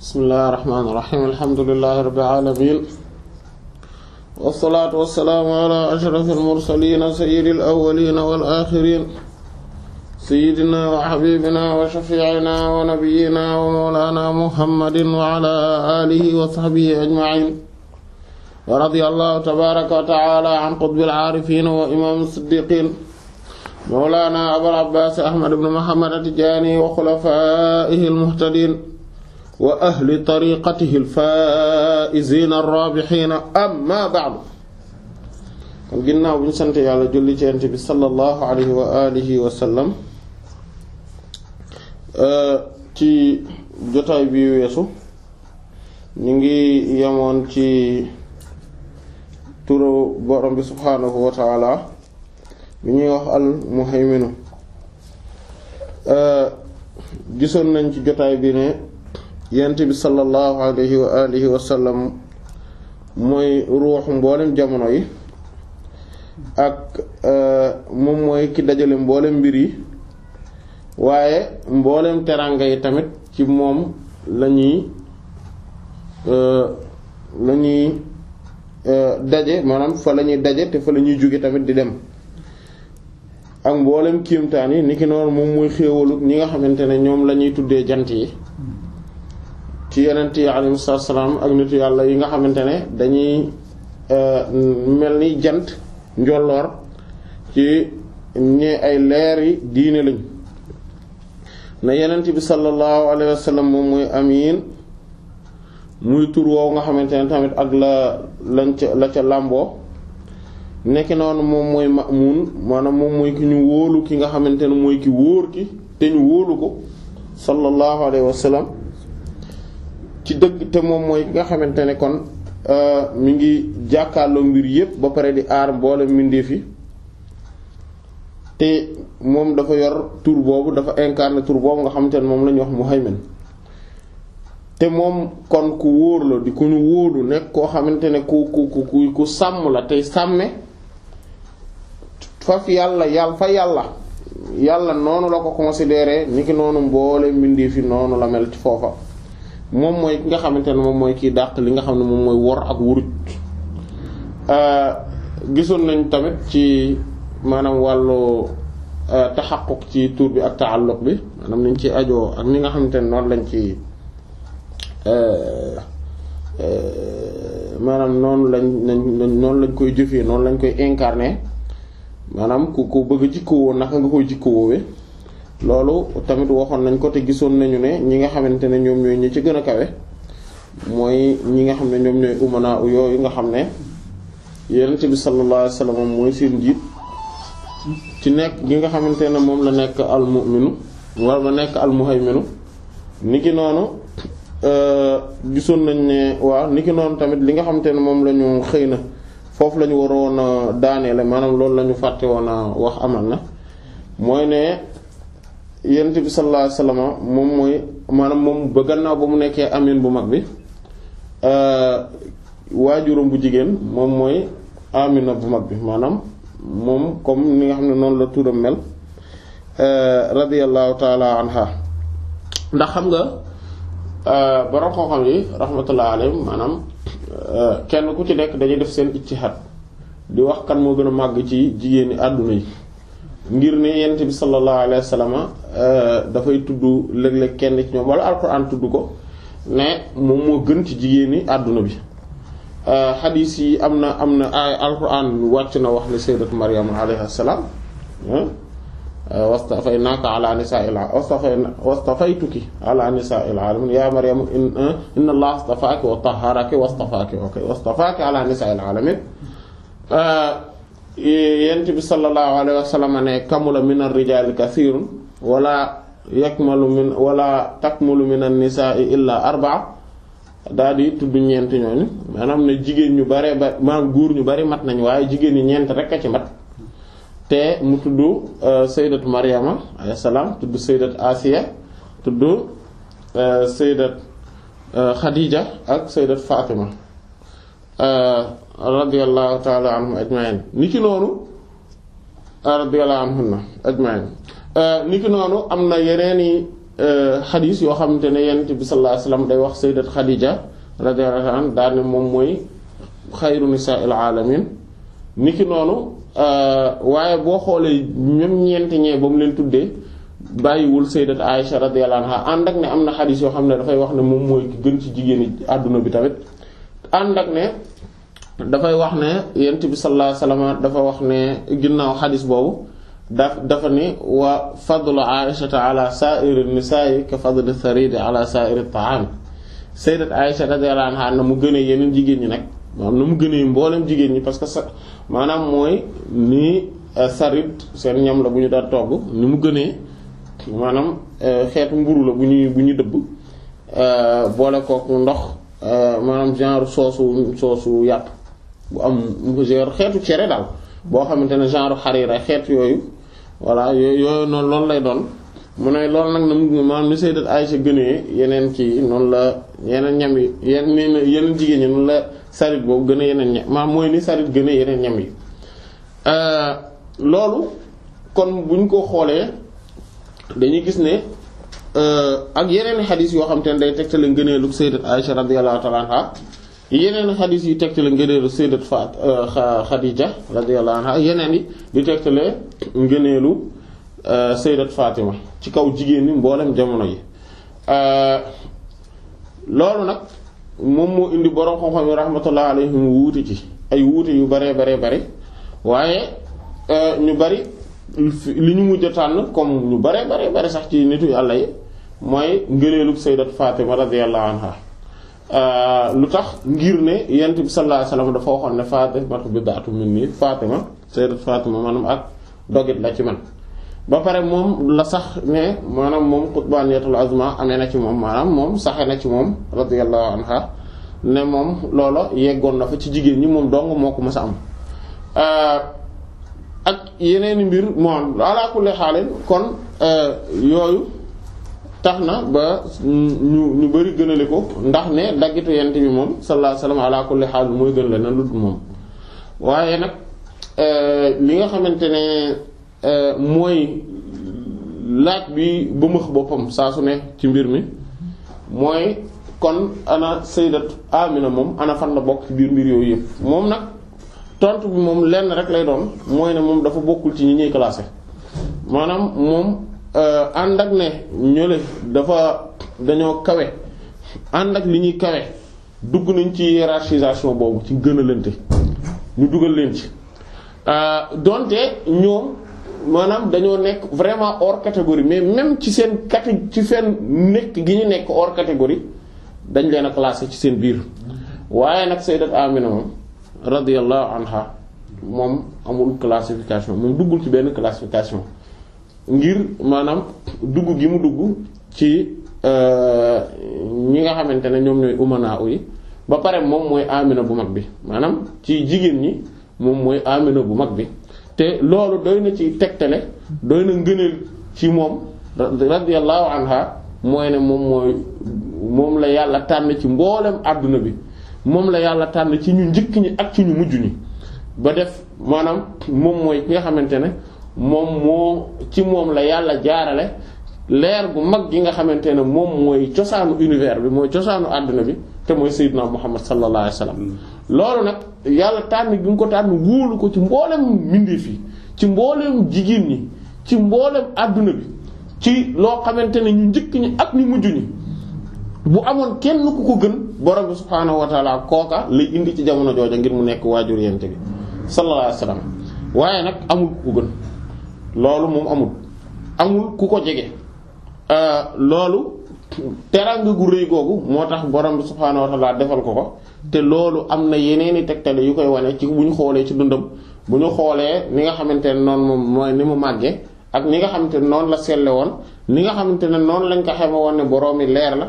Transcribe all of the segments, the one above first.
bismillaahi rahmaani rahiim alhamdulillaahi rabbil aalamiin wassalaatu wassalaamu alaa ashrafil mursaliin sayyidil awwaliin wal aaxiriin sayyidinaa wa habiibinaa wa shafiicinaa wa nabiyyinaa wa mawlaanaa muhammadin wa alaa aalihi wa sahbihi ajmaciin wa radiyallaahu tabaaraka wa tacaalaa an qutbil caarifiin wa imaam siddiqiin mawlaanaa abul abbaas ahmad ibn muhammad at-tijaani wa xulafaa'ihi al-muhtadiin wa ahli tariqatihi al-faa'iziina ar-raabihiina amma ba'du bu ñu sant yàlla julli ci yonent bi sallallahu alayhi wa alihi euh, ci jotaay bi weesu ñu ngi yemoon ci turu borom bi subhaanahu wa bi ñuy wax al muhayminu euh, gisoon nañ ci jotaay bi ne yent bi sallallahu alayhi wa alihi wa sallam mooy ruux mboolem jamono yi ak uh, moom mooy ki dajale mboolem mbir yi waaye mboolem teranga yi tamit ci moom la ñuy uh, la ñuy uh, daje maanaam fa la ñuy daje te fa la ñuy jóge tamit di dem ak mboolem kiimtaan yi ni ki noonu moom mooy xéewalu ñi nga xamante ne ñoom la ñuy tuddee jant yi ci yonent yi alayhi salaam ak nitu yàlla yi nga xamante ne dañuy euh, mel ni jant njolloor ci ñi ay leer yi diine lañ na yeneenti bi sallallahu alayhi wa moom muy amiin muy tur woowu nga xamante ne tamit ak la lañ ca la ca làmboo nekk noonu moom mooy ma'muun maanaam moom mooy ki ñu wóolu ki nga xamante ne mooy ki wóor ki te ñu wóolu ko sallallahu alayhi wa ci dëgg te moom mooy ki nga xamante ne kon euh, mu ngi jàkkaarloo mbir yépp ba pare di aar mboole mbindeef yi te moom dafa yor tour boobu dafa incarné tour boobu nga xamante ne moom la ñuy wax muhaymin te moom kon ku wóor la di ku ñu wóolu nekk koo xamante ne ku ku ku ku sàmm la tey sàmme fa yàlla yàlla yàlla yàlla noonu la ko considéré ni ki noonu mboole mbindeef yi noonu la mel ci foofa moom mooy ki nga xamante ne moom mooy kii dàq li nga xam ne moom mooy wor ak wuruj euh, gisoon nañ tamit ci maanaam wàllu euh, taxaquq ci tuur bi ak taalluq bi maanaam nañ ci ajo ak ni nga xamante ne noonu lañ ci euh, maanaam noonu lañ lañ noonu lañ koy jëfee noonu lañ koy incarner maanaam ku ko bëgg a jikkoo naka nga koy jikkoo loolu tamit waxoon nañ ko te gisoon nañu ne ñi nga xamante ne ñoom ñooy ñi ci gën a kawe mooy ñi nga xam ne ñoom ñooy umana yooyu nga xam ne yonent bi sallallahu alayhi mooy seen njiit ci nekk gi nga xamante ne moom la nekk al mu'minu wala nekk al muhayminu niki noonu euh, gisoon nañ ne waaw niki noonu tamit li nga xamante ne moom lañu xëy na foofu la ñu waroon a daaneele maanaam loolu la fàtte woon a wax amal na mooy ne. yonent bi sallallahu alayhi moom mooy maanaam moom ba gannaaw ba mu nekkee amin bu mag bi euh, waajuram bu jigéen moom mooy amina bu mag bi maanaam moom comme ni nga xam ne noonu la turam mel euh, radiyallahu taala anha ndax xam nga euh, borom xam-xam yi rahmatullahi maanaam kenn ku ci nekk dañuy def seen ci xat di wax kan moo gën a màgg ci jigéeni àdduna yi ngir ne yent bi sallallahu alayhi wa euh, dafay tudd léeg-léeg kenn ci ñoom wala alxuraan tudd ko ne moom moo gën ci jigéen ñi àdduna bi euh, xadiis yi am na am na ay alxuraan wàcc na wax ne sayyidat Maryam alayha salaam euh, wastafaynaaka ala nisaa'il wastafaytuki ala nisaa'il aalamiin yaa Maryam inna Allaha astafaaki wa tahharaki wastafaaki ala nisaa'il aalamiin yent bi sallallahu alayhi wa ne kamula min rijaali kathirun wala yakmalu min wala takmalu min an-nisaa'i illa arba'a daal tudd ñeent ñooñu maanaam ne jigéen ñu bare ba maanaam góor ñu bari mat nañ waaye jigéen ñi ñeent rek a ci mat te mu tudd euh, sayyidat Maryama alayhi salaam tudd euh, sayyidat Asiya tudd sayyidat Khadija ak sayyidat Fatima euh, radiyallahu ta'ala anhum ajma'in niki noonu ah, radiyallahu anhunna ajma'in ah, niki noonu am na yeneeni ah, xadiis yoo xamante ne yonent bi sallallahu day wax sayyidat Khadija radiyallahu moom mooy xayru nisaa'il alamin niki noonu waaye boo xoolee ñoom ñeenti ñee leen tuddee bàyyiwul sayyidat Aisha radiyallahu anha ànd ak ne am na xadiis yoo xam ne dafay wax ne moom mooy ki gën ci jigéeni àdduna bi tamit ànd ak ne dafay wax ne yent bi sallallahu alayhi dafa wax ne ginnaaw xadis boobu daf dafa ni wa fadlu aishata ala sa'iri nisaa'i ka fadli saridi ala sa'iri ta'am sayyidat aisha radiyallahu anha na mu gënee yeneen jigéen ñi nag maanaam na mu gënee mboolem jigéen ñi parce que sa maanaam mooy ni euh, sarid seen ñam la bu ñu daan togg ni mu gënee maanaam euh, xeetu mburu la bu ñu bu ñuy dëbb euh, boole kooku ndox maanaam genre soosu soosu yàpp bu am genre xeetu cere daal boo xamante ne genre xariira xeet yooyu voilà yooyu yooyu noonu loolu lay doon mu ne loolu nag na mu maanaam ni sayyidat Aisha gënee yeneen ci noonu la yeneen ñam yi yeneen yeneen jigéen ñi noonu la sarit boobu gën a yeneen ñam maanaam mooy ni gën a yeneen yi euh, loolu kon buñ ko xoolee dañuy gis ne euh, ak yeneen xadiis yoo xam te ne day tegtale ngëneelu sayyidat Aisha radiyallahu ta'ala anha yeneen xadis yi tegtale ngëneelu sayyidat Faat Khadija euh, radiyallahu anha yeneen yi di tegtale ngëneelu euh, sayyidat Fatima ci kaw jigéen ñi mboolem jamono yi euh, loolu nag moom moo indi borom xam-xam yi rahmatullah alayhim wuute ci ay wuute yu baree baree bari waaye ñu bari li ñu mujj tànn comme ñu baree baree bari sax ci nitu yàlla yi mooy ngëneelu sayyidat Fatima radiyallahu anha Euh, lu tax ngir ne yent bi sallallahu alayhi dafa waxoon ne Fatimatu bid'atun minni Fatima sayyidat Fatima maanaam ak dogit la ci man ba pare moom la sax ne maanaam moom qutbaniyatul azma amee na ci moom maanaam moom saxe na ci moom radiyallahu anha ne moom loola yeggoon na fa ci jigéen ñi moom dong moo ko mës sa am euh, ak yeneen mbir moom ala kulli xaalin kon euh, yooyu tax na ba ñu ñu bari gënale ko ndax ne daggitu yent bi moom sallallahu alayhi wasallam ala mooy gën la na lu dul moom waaye nag euh, li nga xamante ne euh, mooy laaj bi ba boppam saa su ne ci mbir mi mooy kon ana sayyidat Amina moom ana fan la bokk ci biir mbir yooyu yëpp moom nag tontu bi moom lenn rek lay doon mooy ne moom dafa bokkul ci ñi ñuy classé maanaam moom Euh, ànd ak ne ñole dafa dañoo kawe ànd ak li ñuy kawe dugg nañ ci racisation boobu ci gën ñu dugal leen ci euh, donte ñoom maanaam dañoo nekk vraiment or catégorie mais même ci seen caté ci seen nekk gi ñu nekk or catégorie dañ leen a classé ci seen biir waaye nag sayyidat Amina moom radiyallahu anha moom amul classification moom duggul ci benn classification ngir maanaam dugg gi mu dugg ci euh, ñi nga xamante ne ñoom ñooy umanaa yi ba pare moom mooy amina bu mag bi maanaam ci jigéen ñi moom mooy amina bu mag bi te loolu doy na ci tegtale doy na ngëneel ci moom radiyallahu anha mooy ne moom mooy moom la yàlla tànn ci mboolem àdduna bi moom la yàlla tànn ci ñu njëkk ñi ak ci ñu mujj ñi ba def maanaam moom mooy ki nga xamante ne moom moo ci moom la yàlla jaarale leer gu mag gi nga xamante ne moom mooy cosaanu univers bi mooy cosaanu àdduna bi te mooy sayyidina Muhammad sallallahu alayhi wasallam loolu nag yàlla tànn gi nga ko tànn wóolu ko ci mboolem mbindeef yi ci mboolem jigéen ñi ci mboolem àdduna bi ci loo xamante ne ñu njëkk ñi ak ñu mujj ñi bu amoon kenn ku ko gën borom bi subhaanahu wa kooka lay indi ci jamono jooja ngir mu nekk waajur yente bi sallallahu alayhi wasallam waaye nag loolu moom amul amul ku ko jege euh, loolu teraanga gu rëy googu moo tax borom bi subhaanahu wa defal ko ko te loolu am na yeneen yeneeni tegtale yu koy wane ci bu ñu xoolee ci dundam bu ñu xoolee ni nga xamante ne noonu moom mooy ni mu màggee ak ni nga xamante ne noonu la selle woon ni nga xamante ne noonu lañ ko xame woon ne boroomi leer la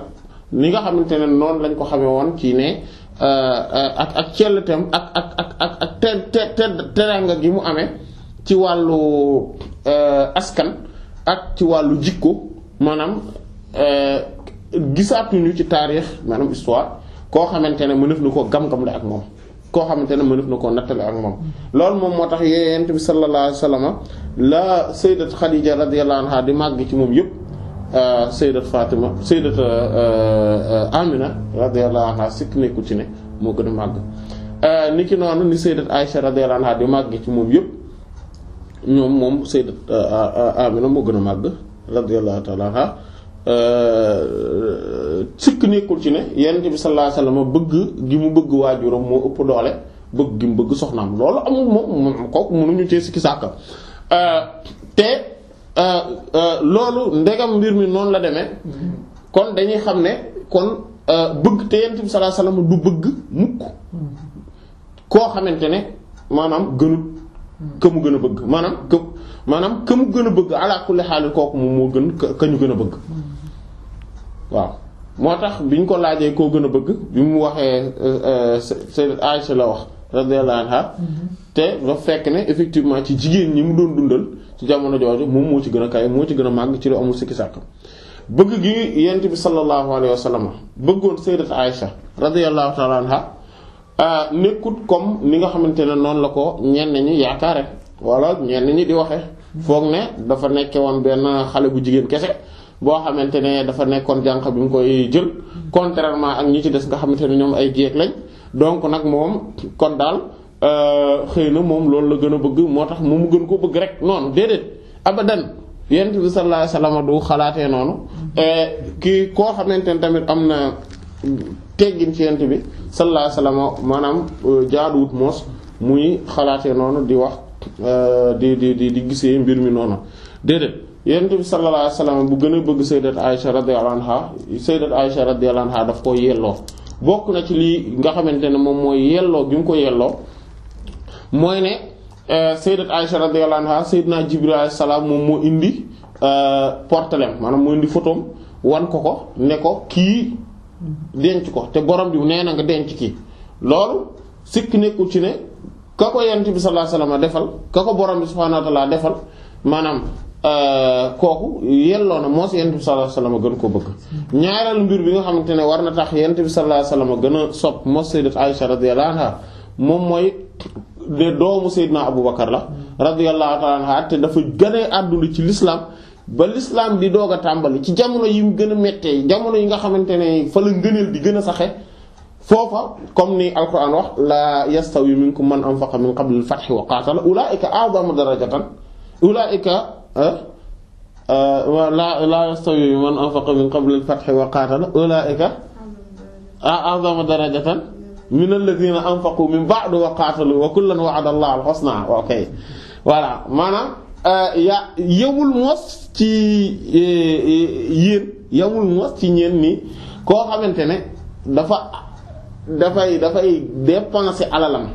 ni nga xamante ne noonu lañ ko xame woon ci ne euh, ak ak celletem ak ak ak ak ak te te teraanga gi mu amee ci wàllu Euh, askan ak ci wàllu jikko maanaam euh, gisaatuñu ci taarix maanaam histoire koo xamante ne mënef na ko gam-gam la ak moom koo xamante ne mënef na koo nattale ak moom loolu moom moo tax yonent bi sallallahu alayhi wasallam la sayyidat Khadija radiyallahu anha di màgg ci moom yépp euh, sayyidat Fatima sayyidat Amina radiyallahu anha sikk nekku ci ne moo gën a màgg niki noonu ni sayyidat Aisha radiyallahu anha di màgg ci moom yépp ñoom moom sayyidat euh, Amina moo gën a màgg radiyallahu ta'ala euh, sikk nekkul ci ne yonent bi sallallahu bëgg gi mu bëgg waajuram moo ëpp doole bëgg gi mu bëgg soxnaam loolu amul moom moom kooku mënuñu cee sikki sàkka euh, te loolu ndegam mbir mi noonu la demee kon dañuy xam ne kon bëgg te yonent bi sallallahu alayhi du bëgg mukk koo xamante ne maanaam gënul ka mu gën a bëgg maanaam ka maanaam ka mu gën a bëgg ala kulli xaalis kooku moom moo gën ka ñu gën a bëgg waaw moo tax bi ñu ko laajee koo gën a bëgg bi mu waxee euh, euh, Sayyidat Aisha la wax radiyallahu anha te dafa fekk ne effectivement ci jigéen ñi mu doon dundal ci jamono jooju moom moo ci gën a kay moo ci gën a màgg ci lu amul sikki sàkk bëgg gi yent bi sallallahu alayhi wa sallam bëggoon Sayyidat Aisha Euh, nekkut comme ni nga xamante ne noonu la ko ñenn ñi yaakaare wala ñenn ñi di waxe foog ne dafa nekke woon benn xale bu jigéen kese boo xamante ne dafa nekkoon jànq bi mu koy jël contrairement ak ñi ci des nga xamante ne ñoom ay jeeg lañ donc nag moom kon daal euh, xëy na moom loolu la gën a bëgg moo tax mu gën ko bëgg rek noonu déedéet abadan yent bi sallallahu alayhi wasallam du xalaatee noonu euh, kii koo xamante ne tamit am na teggin ci yent bi sallallahu alayhi wa sallam maanaam euh, jaaduwut moos muy xalaatee noonu di wax euh, di di di gisee mbir mi noonu déedéet yent bi sallallahu alayhi bu gën a bëgg sayyidat Aisha radiyallahu anha sayyidat Aisha radiyallahu anha daf ko yelloo bokk na ci lii nga xamante ne moom mooy yelloo gi mu ko yelloo mooy ne euh, sayyidat Aisha radiyallahu anha sayyidina Jibril alayhi salaam moom moo indi portelem maanaam moo indi photom wan ko ko ne ko kii denc ko te borom bi nee na nga denc kii loolu sikk nekkul ci ne ka ko yonent bi sallallahu alayhi wasallam defal ka ko borom bi subhaanahu defal maanaam euh, kooku yelloo na moo si yonent bi sallallahu alayhi wasallam gën koo bëgg. ñaareelu mbir bi nga xamante ne war na tax yonent bi sallallahu alayhi wasallam gën a sopp moo sayyidat Aisha radiyallahu anha moom mooy de doomu Seydina Abubakar la radiyallahu ta'ala anha te dafa gën a ci lislaam ba l'islam di doog a tàmbali ci jamono yi mu gën a méttee jamono yi nga xamante ne fa la ngëneel di gën a saxe foofa comme ni alquran wax la yastawi minkum man anfaqa min qabl al-fath wa qatala ulaika a'zamu darajatan ulaika la la yastawi man anfaqa min qabl al-fath wa qatala ulaika a'zamu darajatan min alladhina anfaqu min ba'd wa qatalu wa kullan wa'ada Allahu al-husna okay voilà maanaam Euh, ya yemul mos ci euh, euh, yéen yemul mos ci ñeen ni koo xamante ne dafa dafay dafay dépenser alalam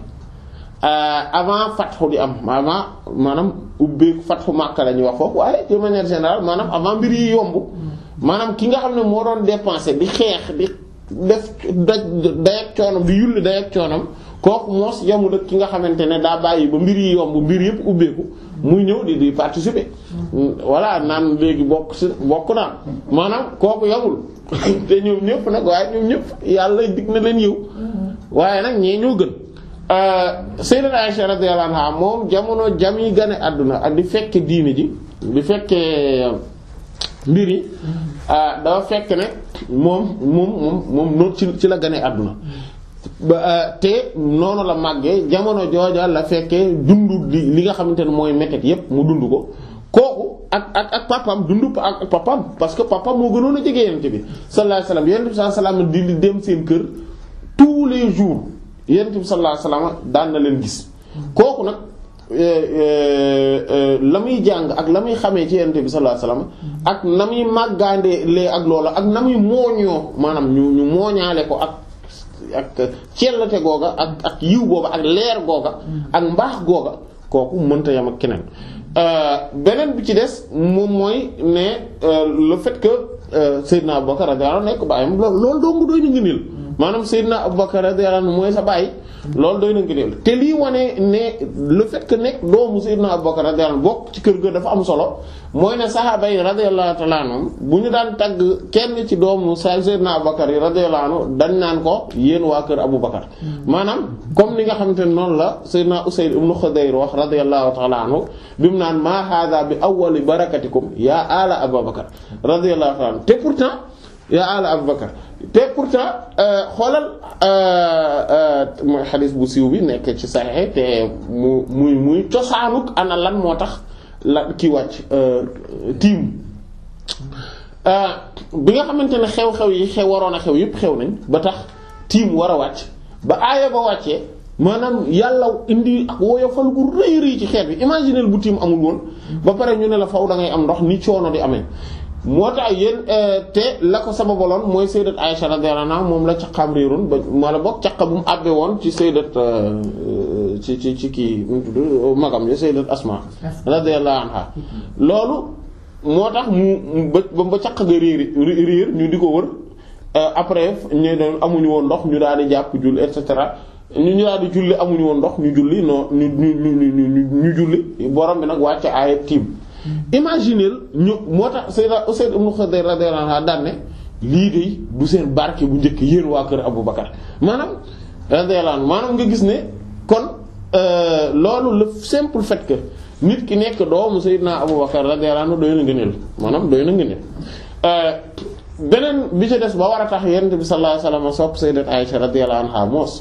avant fatxu di am avant maanaam ubbeeku fatxu Makka la ñuy wax foofu waaye de manière maanaam avant mbir yi yomb maanaam ki nga xam ne moo doon dépenser di xeex di def daj dayak coonam di yulli dayak coonam kooku moos yamul ak ki nga xamante ne daa bàyyi ba mbir yi yomb mbir yëpp ubbeeku muy ñëw di di participer mm, voilà naan léegi bokk si bokk naa maanaam kooku yamul te ñoom ñëpp nag waaye ñoom ñëpp yàlla dig na leen yiw waaye nag ñee ñoo gën euh, Sayyidat Aisha radiyallahu anha moom jamono jam yi gane àdduna ak di fekke diine ji di fekkee euh, mbir yi euh, dafa fekk ne moom moom moom noonu ci la gane àdduna Euh, te noonu la màggee jamono jooja la fekkee dund li li nga xamante ne mooy méttet yépp mu dund ko kooku ak ak ak papam dund ak papam parce que papam moo gënoon a jege yent bi sallallahu alayhi wasallam yent bi sallallahu alayhi wasallam di li dem seen kër tous les jours yent bi sallallahu alayhi wasallam daan na leen gis kooku nag euh, euh, la muy jàng ak la muy xamee ci yent bi sallallahu alayhi ak na muy màggaande lee ak loola ak na muy mooñoo maanaam ñu mooñaale ko ak ak cellate googa ak ak yiw booba ak leer googa mm. ak mbaax googa kooku mënta yam ak keneen euh, beneen bi ci des moom mooy ne euh, le fait que euh, Seydina Abubakar radiyallahu anhu nekk baayam loolu doo ngu doy na ngëneel maanaam Seydina Abubakar radiyallahu anhu mooy sa baay loolu dooy na ngëneel te lii wane ne le fait que nekk doomu Seydina Abubakar radiyallahu anhu bokk ci kër ga dafa am solo mooy ne saxaaba yi radiyallahu ta'ala bu ñu daan tagg kenn ci doomu sa Seydina Abubakar yi radiyallahu anhu dañ naan ko yéen waa kër abu Abubakar maanaam comme ni nga xamante ne noonu la Seydina Usayd ibn Khudayr wax radiyallahu ta'ala bi mu naan maa bi awwali barakatikum yaa ala Abubakar radiyallahu yaa ala Abubakar te pourtant euh, xoolal euh, euh, mooy xadis bu siiw bi nekk ci saxee te mu muy muy cosaanuk ana lan moo tax la kii wàcc tiim bi nga xamante ne xew-xew yi xew waroon a xew yëpp xew nañ ba tax tiim war a wàcc ba aaya ba wàccee maanaam yàlla indi ak woyofal gu rëy rëy ci xeet bi imagineel bu tiim amul woon ba pare ñu ne la faw da ngay am ndox ni coono di amee moo tax yéen euh, te la ko sababaloon mooy sayyidat Aisha radiyallahu anha moom la caqam réerun ba mala bokk caqa bu mu àbbe woon ci sayyidat euh, euh, ci ci ci kii mu tudd magam ya sayyidat Asma radiyallahu anha mm-hmm. loolu moo tax mu ba ba caq ga réer réer ñu di ko wër après ñu amuñu woon ndox ñu daal di jàpp julli et cetera ñu ñu daal di julli amuñu woon ndox ñu julli non ñu ñu ñu ñu julli borom bi nag wàcce aaya tiim imagineel ñu moo tax Sayyida Usayd ibn Khudayr radiyallahu anha daan ne lii de du seen barke bu njëkk yéen waa kër Abu Bakar maanaam radiyallahu anhu maanaam nga gis ne kon euh, loolu le simple fait que nit ki nekk doomu Sayyidina Abu Bakar radiyallahu anhu doy na ngëneel maanaam doy na ngëneel euh, beneen bi ci des ba war a tax Yonent bi sallallahu alayhi wasallam sopp Sayyidat Aisha radiyallahu anha moos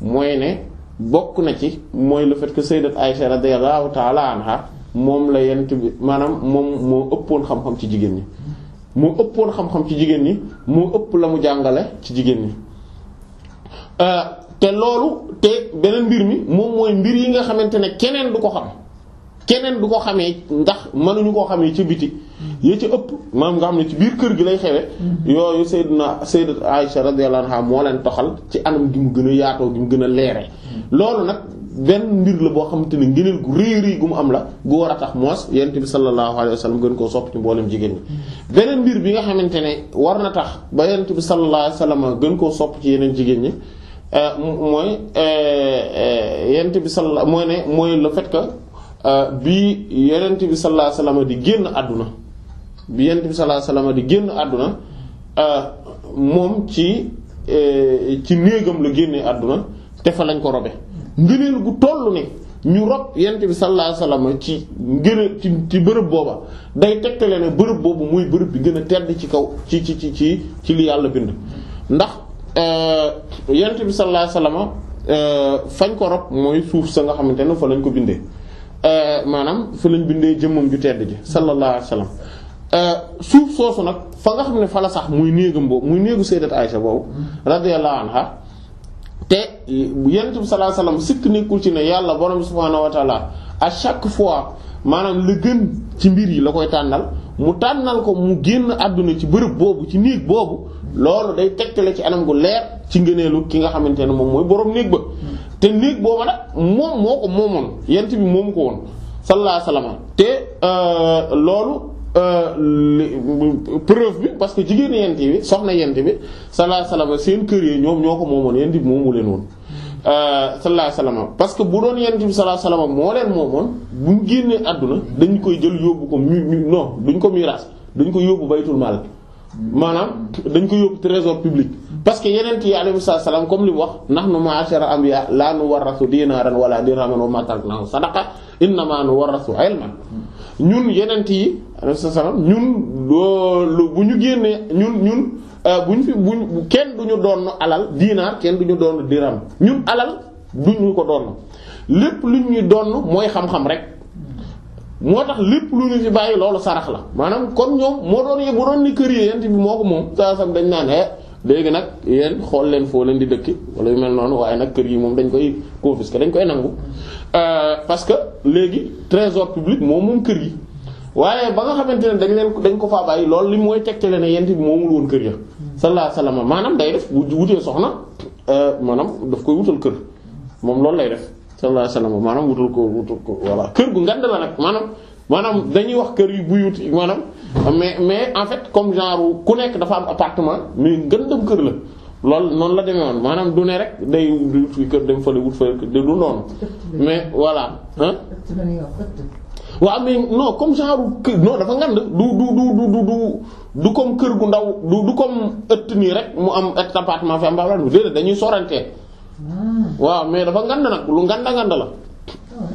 mooy ne bokk na ci mooy le fait que Sayyidat Aisha radiyallahu ta'ala anha moom la yent bi maanaam moom moo ëppoon xam-xam ci jigéen ñi moo ëppoon xam-xam ci jigéen ñi moo ëpp la mu jàngale ci jigéen ñi euh, te loolu te beneen mbir mi moom mooy mbir yi nga xamante ne keneen du ko xam keneen du ko xamee ndax mënuñu koo xamee ci biti yee ci ëpp maanaam nga xam ne ci biir kër gi lay xewe yooyu Sayyidina Sayyidat Aisha radiyallahu anha moo leen toxal ci anam gi mu gën a yaatoo gi mu gën a leere loolu nag benn mbir la boo xamante ne ngëneel gu rëy rëy gu mu am la gu war a tax moos yent bi sallallahu alayhi wa sallam gën koo sopp ci mboolem jigéen beneen mbir bi nga xamante ne war na tax ba yent bi sallallahu alayhi gën koo sopp ci yeneen jigéen ñi euh, mooy euh, euh, yent bi sallallahu mooy ne mooy le fait Euh, bi yenent bi sallallahu di génn àdduna bi yenent bi sallallahu di génn àdduna euh, moom ci euh, ci néegam la génnee àdduna te fa lañ ko robe ngëneel gu toll ne ñu rob yenent bi sallallahu ci ngëneel ci ci bërëb booba day tegtale ne bërëb boobu muy bërëb bi gën a tedd ci kaw ci ci ci ci ci li yàlla bind ndax yenent bi sallallahu alayhi wasallam fañ ko rob mooy suuf sa nga xamante ne fa lañ ko bindee Euh, maanaam fa lañ bindee jëmmam ju tedd ji sallallahu alayhi wa sallam euh, suuf soosu nag fa nga xam ne fa la sax muy néegam boobu muy néegu sayyidat Aisha boobu radiyallahu anha te yonent bi sallallahu alayhi wa sallam sikk nekkul ci ne yàlla borom subhaanahu wa taala à chaque fois maanaam la gën ci mbir yi la koy tànnal mu tànnal ko mu génn àdduna ci bërëb boobu ci néeg boobu loolu day tegtale ci anam gu leer ci ngëneelu ki nga xamante ne moom mooy borom néeg ba te néeg booba nag moom moo ko moomoon yent bi moomu ko woon sallallahu alayhi te euh, loolu euh, preuve bi parce que jigéen yent bi soxna yent bi sallallahu alayhi wasallam seen kër yi ñoom ñoo ko moomoon yent bi moomu leen woon euh, sallallahu parce que bu doon yent bi sallallahu alayhi wasallam moo leen moomoon bu mu génnee àdduna dañ koy jël yóbbu ko mi non duñ ko miraas duñ ko yóbbu baytul maal maanaam dañ ko yóbbu trésor public parce que yeneen yi alayhi salaam comme li mu wax nahnu ma'ashara anbiya la nuwarrasu dinaran wala dirhaman wa ma taraknahu sadaqa innama nuwarrasu ilman ñun yeneen yi alayhi salaam ñun loolu bu ñu génnee ñun ñun euh, bu ñu fi bu kenn du ñu doon alal dinaar kenn du ñu doon dirham ñun alal du ko doon lépp lu ñuy doon mooy xam-xam rek. moo tax lépp lu ñu ci bàyyi loolu sarax la maanaam kon ñoom moo doon yee bu doon ni kër yi yent bi moo ko moom saa sam dañ naan eh léegi nag yéen xool leen foo leen di dëkki wala yu mel noonu waaye nag kër yi moom dañ koy confisquer dañ koy nangu euh, parce que léegi trésor public moom moom kër yi waaye ba nga xamante ne dañ leen dañ ko faa bàyyi lool li mooy tegtale ne yent bi moomul woon kër ya sallallahu alayhi wasallam maanaam day def bu wutee soxna euh, maanaam daf koy wutal kër moom loolu lay def sallallahu alayhi wasallam maanaam wutul ko wutul ko voilà kër gu ngand la nag maanaam maanaam dañuy wax kër yu buyut maanaam mais mais en fait comme genre ku nekk dafa am appartement mais ngëndam kër la loolu noonu la demee woon maanaam du ne rek day wut fi kër dem fële wut fële du noonu mais voilà ah waaw mais non comme genre non dafa ngand du du du du du du comme kër gu ndaw du du comme ëtt nii rek mu am appartement fi am baax déedéet dañuy sorante waaw mais dafa nganda nag lu nganda nganda la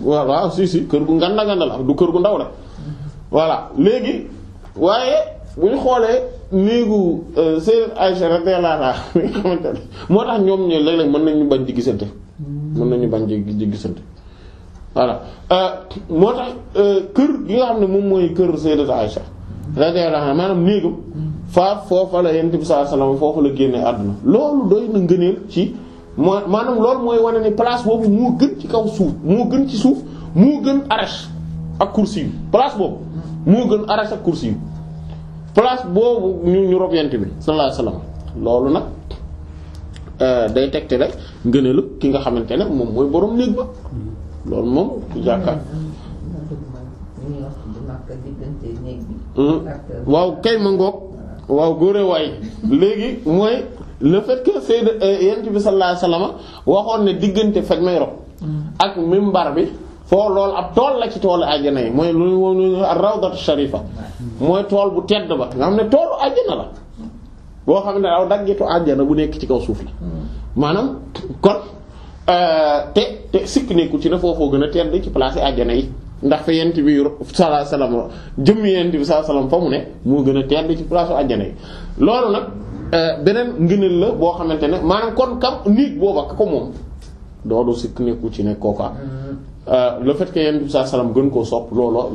waaw si si kër gu nganda nganda la du kër gu ndaw la voilà léegi waaye bu ñu xoolee néegu euh, Sayyidatu Aïcha radiyallahu anha mi moo tax ñoom ñooy léeg-léeg mën nañu bañ di gisante mën nañu bañ di gisante voilà euh, moo tax euh, gi nga xam ne moom mooy kër Sayyidatu Aïcha radiyallahu anha maanaam néegam faa foofa la Yonent bi sallallahu alayhi wasallam foofu la génnee àdduna loolu doy na ngëneel ci moo maanaam loolu mooy wane ni place boobu moo gën ci kaw suuf moo gën ci suuf moo gën arash ak kursi yu place boobu moo gën arash ak kursi yu place boobu ñu ñu rob yent bi sallallahu alayhi loolu nag euh, day tegte rek ngëneelu ki nga xamante ne moom mooy boroom néeg ba loolu moom ku jàkkaar hmm. waaw kay ma ngoog waaw góore waay léegi mooy le fait que Seydou euh, yonent bi sallallahu waxoon ne diggante fekk may rob ak mimbar bi foo loolu ab tool la ci toolu àjjana yi mooy lu ñu rawdatu sharifa mooy tool bu tedd ba nga xam ne toolu àjjana la ne aw daggitu àjjana bu nekk ci kaw suuf la maanaam kon euh, te te sikk ci ne foofoo gën a tedd ci place àjjana yi ndax fa yent bi sallallahu alayhi wa sallam jëm yent bi mu ne moo gën a tedd ci place àjjana yi loolu nag Euh, beneen ngëneel la boo xamante ne maanaam kon kam niig booba ko moom doodu si nekku ci ne kooka mm-hmm. euh, le fait que yent bi sallallahu alayhi gën koo sopp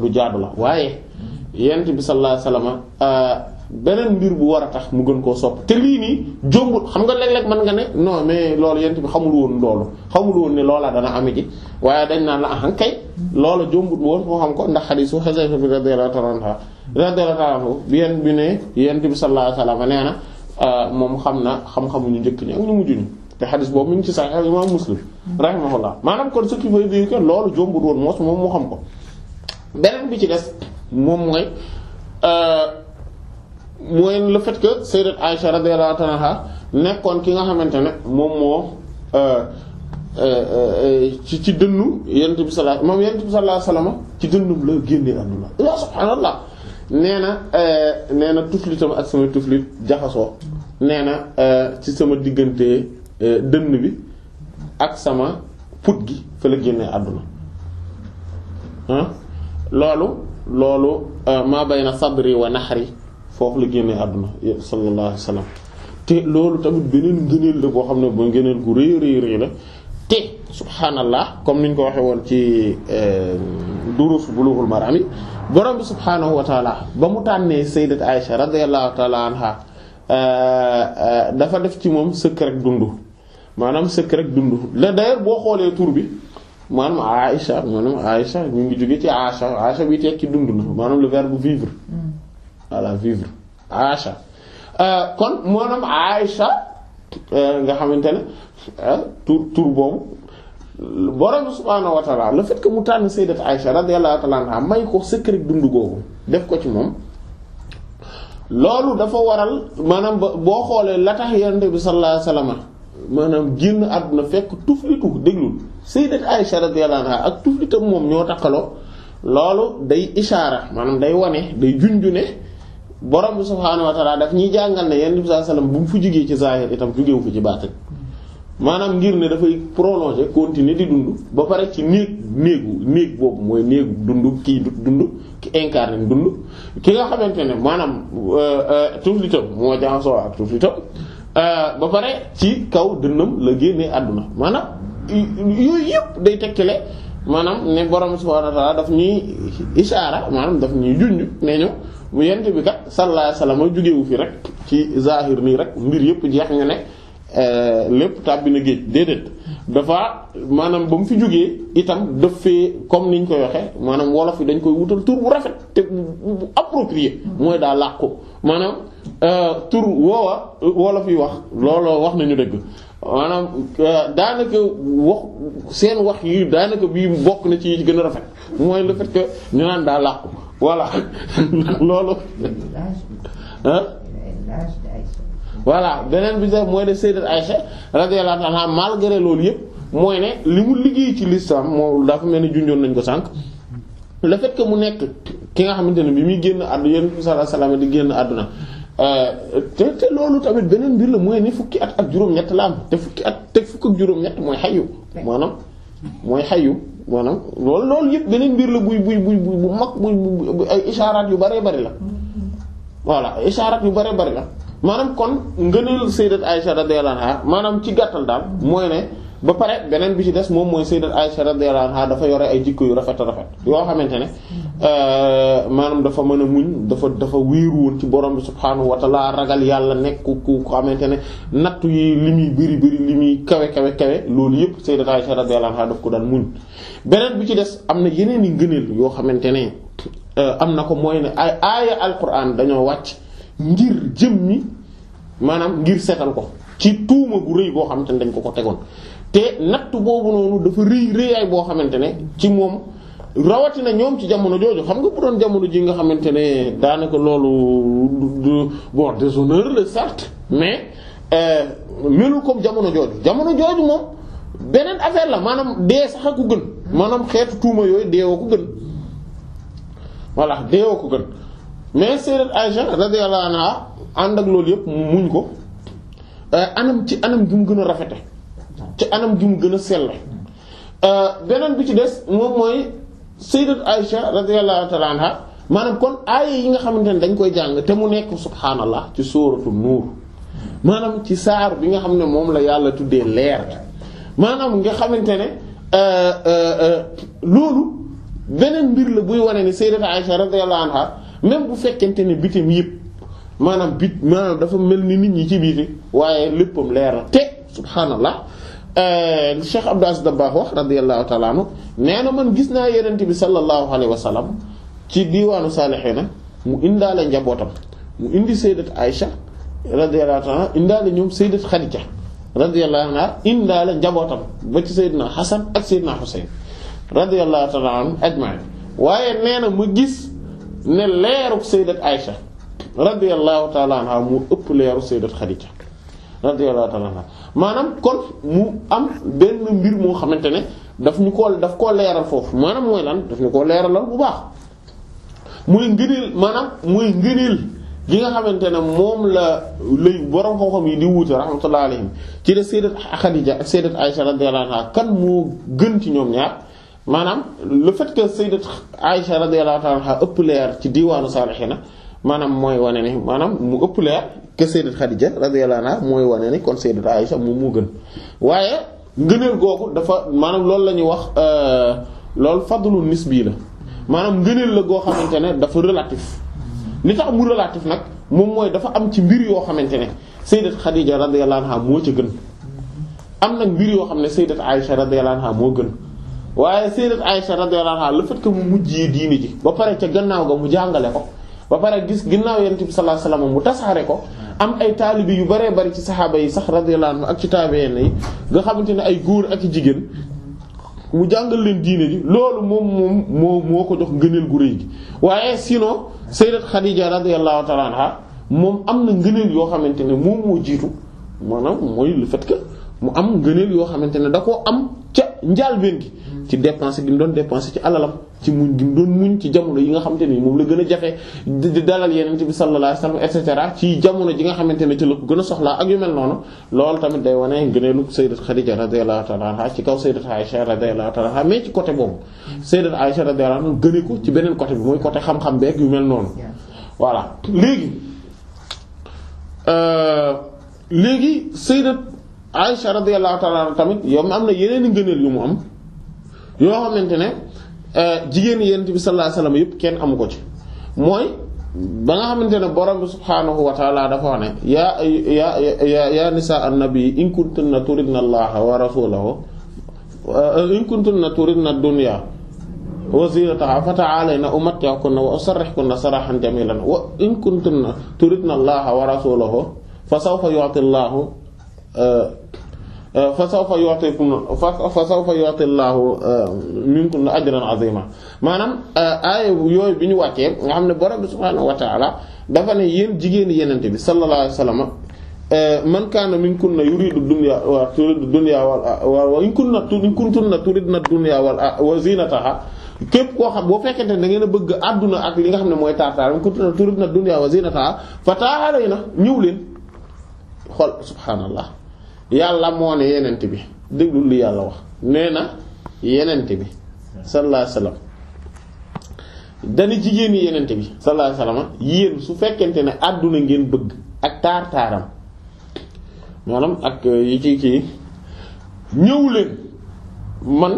lu jaadu la waaye mm-hmm. yent bi sallallahu alayhi wasallam euh, beneen mbir bu war a tax mu gën koo sopp te lii nii jombul xam nga léeg-léeg mën nga ne non mais loolu yent bi xamul woon loolu xamul woon ne loolaa dana am ji waaye dañ naan la ahan kay loola jombut woon foo xam ko ndax xadiisu Xuzayfa bi radiyallahu ta'ala anhu bi yent bi ne yent bi sallallahu alayhi Euh, moom xam na xam-xamu ñu njëkk ñi ak ñu mujj ñi te xadis boobu mi ngi ci Sahih imam Muslim rahimahullah maanaam kon ce qui veut dire que loolu jombul woon moos moom moo xam ko beneen bi ci des moom mooy euh, mooy le fait que sayyidat Aisha radiyallahu anha nekkoon ki nga xamante ne moom moo euh, ci ci dënnu yonent bi sallallahu moom yonent bi sallallahu alayhi wasallam ci dënnum la génnee àdduna ya subhanallah nee na euh, nee na tuflitam ak sama tuflit jaxasoo nee na euh, ci sama diggante euh, dënn bi ak sama put gi fa la génnee àdduna loolu loolu maa bay na sadri wa naxari foofu la génnee àdduna sallallahu alayhi wa te loolu tamit beneen ngëneel la boo xam ne ba ngëneel gu rëy rëy la te subhaanallah comme ni ñu ko waxee woon ci euh, durus bulughul maram yi borom bi ba mu tànnee sayyidat Aisha radiyallahu taala anha euh, euh, dafa def ci moom sëkk rek dund maanaam sëkk rek dund la d'ailleurs boo xoolee tur bi maanaam Aisha maanaam Aisha ñu ngi jóge ci Aisha Aisha bi tekki dund na maanaam le verbe vivre hmm. voilà vivre Aisha kon maanaam Aisha nga xamante ne tur tur boobu borom subhaanahu wa taala le fait mu tànn sayyidat Aisha radiyallahu taala anha may ko secret dund googu def ko ci moom loolu dafa waral maanaam boo xoolee la tax yonent bi sallallahu alayhi wasallam maanaam génn àdduna fekk tuflitu déglul sayyidat Aisha radiyallahu anha ak tuflitam moom ñoo takkaloo loolu day ishaara maanaam day wane day junju ne borom bi subhaanahu wa taala daf ñuy jàngal ne yonent bi sallallahu bu mu fu jugee ci zaahir itam jugewu fi ci baatin maanaam ngir ne dafay prolonger continuer di dund ba pare ci néeg néegu néeg boobu mooy néegu dund kii dund ki incarné dund ki nga xamante ne maanaam euh, euh, tuuf li tam moo jaxasoo ak tuuf euh, ba pare ci kaw dënnam la génnee àdduna maanaam yooyu yëpp day tekkale maanaam ne borom subhaanahu wa daf ñuy isaara maanaam daf ñuy junj ne ñu mu yent bi kat sallallahu alayhi wa sallam jógewu fi rek ci zahir nii rek mbir yëpp jeex nga ne Euh, lépp tàbbi na géej déedéet dafa maanaam ba mu fi jógee itam daf fi comme niñ koy waxee maanaam wolof yi dañ koy wutal tur bu rafet te bu approprié mooy daa làqu maanaam euh, tur woowa wolof yi wax looloo wax nañu dëgg maanaam euh, daanaka wax seen wax yi daanaka bii bokk na ci gën a rafet mooy le fait que ñu naan daa làqu voilà loolu voilà beneen bi def mooy ne sayyidat Aisha radiyallahu anha malgré loolu yëpp mooy ne li mu liggéey ci l'islam moom dafa mel ni junjoon nañ ko sànq le fait mu nekk ki nga xamante ne bi muy génn àdduna yéen sallallahu alayhi di génn àdduna euh, loolu tamit beneen mbir la mooy at ak juróom-ñett te fukki at te fukk ak juróom-ñett mooy xayu maanaam mooy xayu maanaam loolu loolu yëpp beneen mbir la buy buy buy bu mag buy ay ishaaraat yu bare bari la voilà ishaaraat yu bare bari la maanaam kon ngëneel sayyidat Aisha radiyallahu anha maanaam ci gàttal daal mooy ne ba pare beneen bi ci des moom mooy sayyidat Aisha radiyallahu anha dafa ay jikko yu rafet a yoo xamante ne euh, maanaam dafa mën muñ dafa dafa wéeru woon ci borom bi subhaanahu wa ta'ala ragal yàlla nekk ku xamante ne nattu yi li muy bëri bëri li kawe kawe kawe loolu yëpp sayyidat Aisha radiyallahu daf ko daan muñ beneen bi ci des am na yeneen i ngëneel yoo xamante ne euh, am na ko mooy ne ay aaya alquran dañoo wàcc ngir jëmmi maanaam ngir seetal ko ci tuuma gu rëy boo xamante ne dañ ko ko tegoon te natt boobu noonu dafa rëy rëyaay boo xamante ne ci moom rawatina ñoom ci jamono jooju xam nga bu doon jamono jii nga xamante ne daanaka loolu bon déshonneur la certes mais euh, melul comme jamono jooju jamono jooju moom beneen affaire la maanaam dee sax a gën maanaam xeetu tuuma yooyu deewoo ko gën voilà deewoo ko gën mais sayyidat Aïcha radiyallahu anha ànd ak loolu yëpp muñ ko euh, anam ci anam gi mu gën a rafete ci anam gi mu gën a sell euh, beneen bi ci des moom mooy sayyidat Aïcha radiyallahu ta'ala anha maanaam kon aaya yi nga xamante ne dañ koy jàng te mu nekk subhaanallah ci sóoratu nuur maanaam ci saar bi nga xam ne moom la yàlla tuddee leer maanaam nga xamante ne euh, loolu beneen mbir la buy wane ni sayyidat Aïcha radiyallahu anha même bu fekkente ne bitim yëpp maanaam bit maanaam dafa mel ni nit ñi ci biiti waaye léppam leer na te subhaanallah euh, Cheikh Abdou Aziz Dabakh wax radiyallahu ta'ala anhu nee na man gis naa yenente bi sallallahu alayhi wa sallam ci diwaanu saalihiina mu indaale njabootam mu indi sayyidat Aisha radiyallahu ta'ala indaale ñoom sayyidat Khadija radiyallahu anha indaale njabootam ba ci sayyidina Hasan ak sayyidina Husayn radiyallahu ta'ala anhu ajma'in waaye nee na gis ne leeru sayyidat Aisha radiyallahu ta'ala anha mu ëpp leeru sayyidat Khadija radiyallahu ta'ala anha maanaam kon mu am benn mbir moo xamante ne daf ñu koo daf koo leeral foofu maanaam mooy lan daf ñu koo leeralal bu baax muy ngëneel maanaam muy ngëneel gi nga xamante ne moom la lay borom xam-xam yi di wuute rahmatullahi alayhim ci la sayyidat Khadija ak sayyidat Aisha radiyallahu anha kan moo gën ci ñoom ñaar maanaam le fait que sayyidat Aïcha radiyallahu ta'ala ëpp leer ci diwaanu saalihiina maanaam mooy wane ni maanaam mu ëpp leer que sayyidat Khadija radiyallahu anha mooy wane ni kon sayyidat Aïcha moom moo gën waaye ngëneel googu dafa maanaam loolu la ñuy wax euh, loolu fadlu nisbi la maanaam ngëneel la goo xamante ne dafa relatif li tax mu nag moom mooy dafa am ci mbir yoo xamante ne sayyidat Khadija radiyallahu anha moo ci gën am nag mbir yoo xam ne sayyidat Aïcha radiyallahu anha moo gën. waaye sayyidat Aisha radiyallahu anha le fait que mu mujjee diini ji ba pare ca gannaaw ga mu jàngale ko ba pare gis ginnaaw yonent bi sallallahu alayhi wasallam mu tasaare ko am ay taalibi yu baree bari ci saxaaba yi sax radiyallahu anhu ak ci taabeen yi nga xamante ne ay góor ak jigéen mu jàngal leen diine ji loolu moom moom moo moo ko jox ngëneel gu rëy gi waaye sinon sayyidat Khadija radiyallahu ta'ala anha moom am na ngëneel yoo xamante ne moom moo jiitu maanaam mooy le fait que mu am ngëneel yoo xamante ne da koo am ca njàlbeen gi ci dépenser gi mu doon dépenser ci alalam ci muñ gi mu doon muñ ci jamono yi nga xamante ni moom la gën a jafe di dalal yeneen bi sallallahu alayhi wasallam et cetera ci jamono ji nga xamante ne ci la ko gën a soxlaa ak yu mel noonu loolu tamit day wane gëneelu sayyidat Khadija radiyallahu ta'ala anha ci kaw sayyidat Aisha radiyallahu ta'ala anha mais ci côté boobu mm-hmm. sayyidat Aisha radiyallahu anha gëne ko ci beneen côté bi mooy côté xam-xam beeg yu mel noonu voilà léegi euh, léegi sayyidat Aisha radiyallahu tamit yow am na yeneen i ngëneel yu mu am yoo xamante ne euh, jigéen yonent bi sallallahu alayhi yëpp kenn amu ko ci mooy ba nga xamante ne borom bi subhaanahu wa taala dafa wax ne yaa yaa yaa yaa nisaa an-nabi in kuntunna turidna allaha wa rasulahu euh, in kuntunna turidna dunya wa zinataha fa ta'alayna umatti'kunna wa usarrihkunna sarahan jamilan wa in kuntunna turidna allaha wa rasulahu fa sawfa yu'ti allahu euh, Euh, fa sawfa yu'tikum fa sawfa yu'ti Allahu euh, minkum ajran azima maanaam euh, aaya yooyu bi ñu wàccee nga xam ne borom bi subhaanahu wa ta'ala dafa ne yéen jigéeni yenente bi sallallahu alayhi wasallam man kaana minkunna yuridu dunya wa turidu dunya wal wa in kunna in kuntunna turidna dunya wal wa zinataha képp koo xam boo fekkente ne da ngeen bëgg àdduna ak li nga xam ne mooy taar-taar in kuntunna turidna dunya wa zinataha fa ta'alayna ñëw leen xool subhaanallah yàlla moo ne yenent bi déglul li yàlla wax nee na yenent bi sallallahu alayhi wasallam dana jigéen yi yenent bi sallallahu alayhi wasallam yéen su fekkente ne àdduna ngeen bëgg ak taar taaram maanaam ak euh, yi ci kii ñëw leen man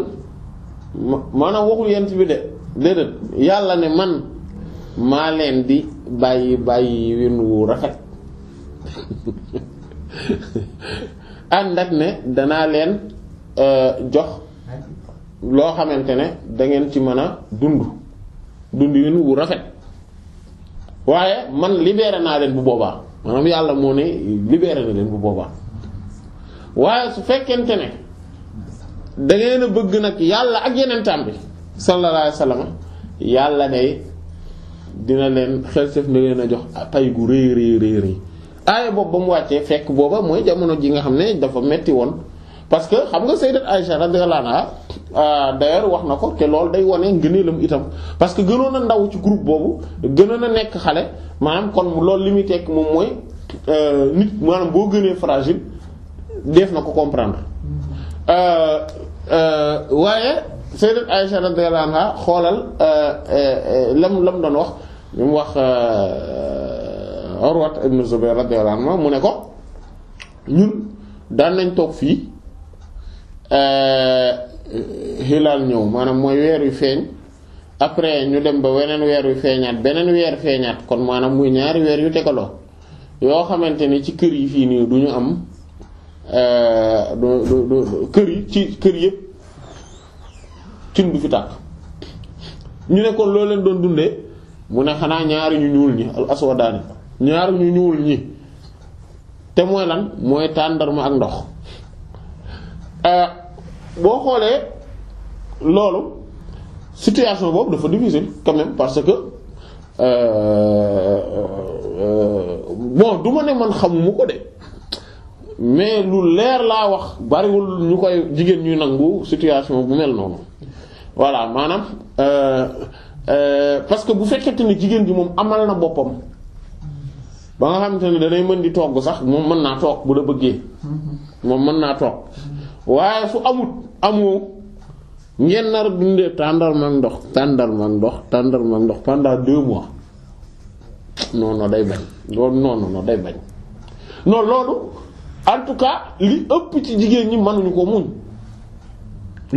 maanaam waxul yenent bi de déedéet yàlla ne man maa leen di bàyyi bàyyi win wu rafet ànd ne danaa leen euh, jox loo xamante ne dangeen ci mën a dund dund yu wu rafet waaye man libeere naa leen bu boobaa maanaam yàlla moo ne libéré na leen bu boobaa waaye su fekkente ne dangeen a bëgg nag yàlla ak yeneen bi sallallahu alayhi wasallam yàlla ne dina leen xel sef na a jox ah, pay gu rëy rëy rëy rëy aaya boobu ba mu wàccee fekk booba mooy jamono ji nga xam ne dafa metti woon parce que xam nga sayyidat Aisha radiyallahu anha euh, d'ailleurs wax na ko te loolu day wane ngëneelam itam parce que gënoon a ndaw ci groupe boobu gënoon a nekk xale maanaam kon loolu li muy tekk moom mooy euh, nit maanaam boo gënee fragile def na ko comprendre euh, waaye sayyidat Aisha radiyallahu anha xoolal lam lam doon wax mu wax Urwa ibn Zubayr radiyallahu anhu mu ne ko ñun daan nañ toog fii eh, hilaal ñëw maanaam mooy weer yu feeñ après ñu dem ba weneen weer wi feeñaat beneen weer feeñaat kon maanaam muy ñaari weer yu tegaloo yoo xamante ni ci kër yi fii nii du ñu am eh, du du kër yi ci kër yëpp cin du fi tàkk ñu ne kon loo leen doon dundee mu ne xanaa ñaari ñu ñuul ñi al aswadaani ñaar ñu ñuul ñi te mooy lan mooy tàndarma ak ndox euh, boo xoolee loolu situation boobu dafa difficile quand parce que euh, euh, bon du ma ne man xamuma ko de mais lu leer laa wax bariwul ñu koy jigéen ñuy nangu situation bu mel noonu voilà maanaam parce que bu fekkente ne jigéen ji moom amal na boppam. ba nga xamante ne danay mën di togg sax moom mën naa toog bu la bëggee moom mën naa toog waaye su amut amu ngeen nar a dundee tàndal mag ndox tàndal mag ndox tàndal mag ndox pendant deux mois non non day bañ loolu non non day bañ non loolu en tout cas li ëpp ci jigéen ñi mënuñu ko muñ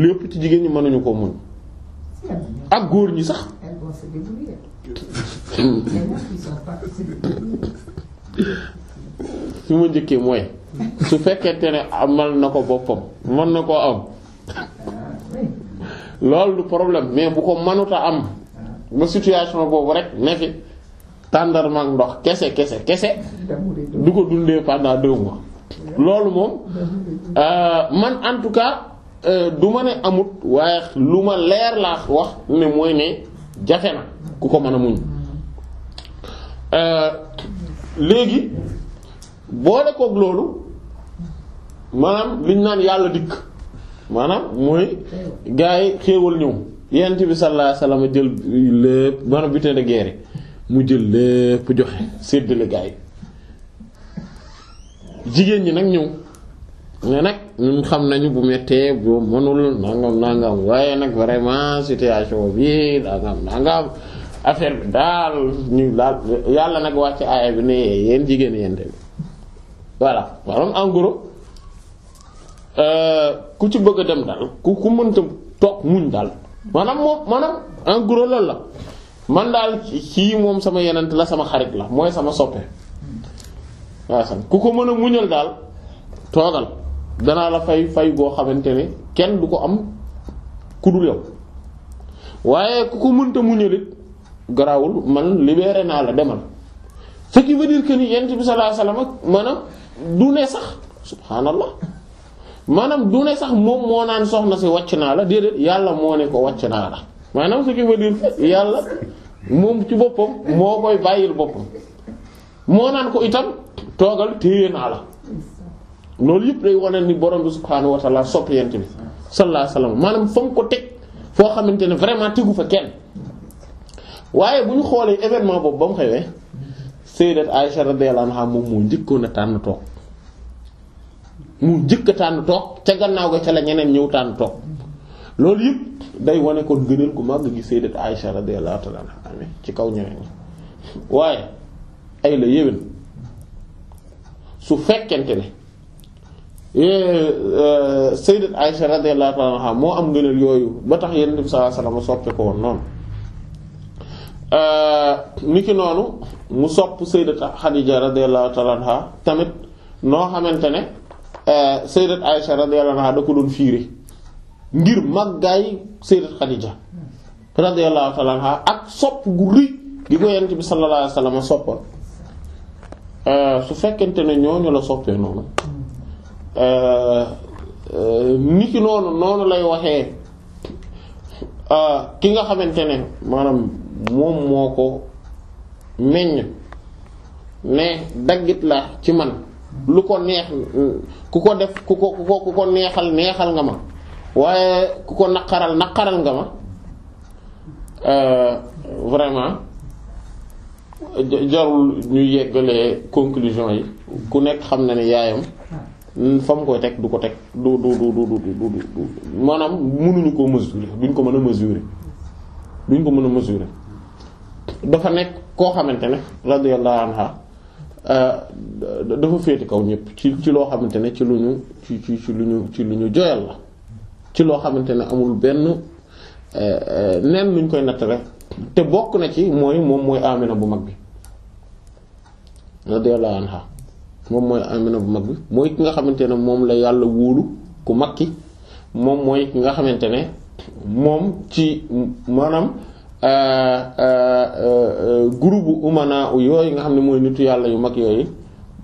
li ëpp ci jigéen ñi mënuñu ko muñ ak góor ñi sax su ma njëkkee mooy su fekkente ne amal na ko boppam mën na ko am loolu du problème mais bu ko mënuta am ba situation boobu rek ne fi tàndarma ndox kese kese kese du ko dundee pendant deux mois loolu moom euh, man en tout cas euh, du ma ne amut waaye lu ma leer laa wax ne mooy ne jafe na ku ko mën a muñ Euh, léegi boole koog loolu maanaam liñ naan yàlla dikk maanaam mooy gars yi xéewal ñëw yent bi sallallahu alayhi wasallam jël lépp maanaam butin de guerre mu jël lépp joxe séddale gars jigéen ñi nag ñëw ne nag ñun xam nañu bu mettee bu mënul nangam nangam waaye nag vraiment situation bi nangam nangam affaire bi daal ñu daal yàlla nag wàcc aaya bi ne yéen jigéen yéen tamit voilà maanaam en euh, ku ci bëgg a dem daal ku ku mënta toog muñ daal maanaam moom maanaam en gros loolu la man daal ci moom sama yenent la sama xarit la mooy sama soppe waaw sam ku ko mën a muñal daal toogal danaa la fay fay goo xamante ne kenn du ko am ku dul yow waaye ku ko mënta muñalit garaawul man libéré naa la demal ce qui veut dire ni yent bi sallallahu alayhi wasallam maanaam du ne sax subhaanallah maanaam du ne sax moom moo naan soxna si wàcc naa la déedéet yàlla moo ko wàcc naa maanaam ce yàlla moom ci boppam moo koy bàyyil boppam moo naan ko itam toogal téye naa la loolu yëpp day wane ni borom bi subhaanahu wa sopp yent bi sallallahu alayhi wasallam maanaam fa ko teg foo xamante ne vraiment tegu fa kenn. waaye bu ñu xoolee événement boobu ba mu xewee sayyidat Aisha radiyallahu anha moom moo njëkkoon a tànn toog mu njëkk a tànn toog ca gannaaw ga ca la ñeneen ñëw tànn toog loolu yëpp day wone kon gënal gu mag gi sayyidat Aisha radiyallahu ci kaw ñeneen ñi waaye ay la yéwén su fekkente ne eh, eh, sayyidat moo am gënal yooyu ba tax Yonent bi sallallahu alayhi wasallam soppe ko woon noonu Euh, niki noonu mu sopp sayyidat Khadija radiyallahu ta'ala anha tamit noo xamante ne euh, sayyidat Aisha radiyallahu da ko doon fiiri ngir màggaay sayyidat Khadija radiyallahu ta'ala anha ak sopp gu rëy gi ko yonent bi sallallahu alayhi soppoon euh, su fekkente ne ñooñu la soppee noonu niki noonu noonu lay waxee ki nga xamante ne maanaam moom moo ko meññ mais daggit la ci man lu ko neex ku ko def ku ko ku ko ku ko neexal neexal nga ma waaye ku ko naqaral naqaral nga ma euh, vraiment jarul ñu yeggalee conclusion yi ku nekk xam na ne yaayam fa mu koy teg du ko teg du du du du du du maanaam mënuñu ko mesurer duñ ko mën a mesurer duñ ko mën a mesurer dafa nekk koo xamante ne radiyallahu anha euh, dafa féete kaw ñépp ci ci loo xamante ne ci lu ñu ci ci lu ñu ci lu ñu joyal la ci loo xamante ne amul benn euh, euh, neen luñ koy rek te bokk na ci mooy moom mooy amina bu mag bi radiyallahu anha moom mooy amina bu mag bi mooy ki nga xamante ne moom la yàlla wóolu ku mag ki moom mooy ki nga xamante ne moom ci maanaam Euh, euh, euh, groupe umana u yooyu nga xam ne mooy nitu yàlla yu mag yooyu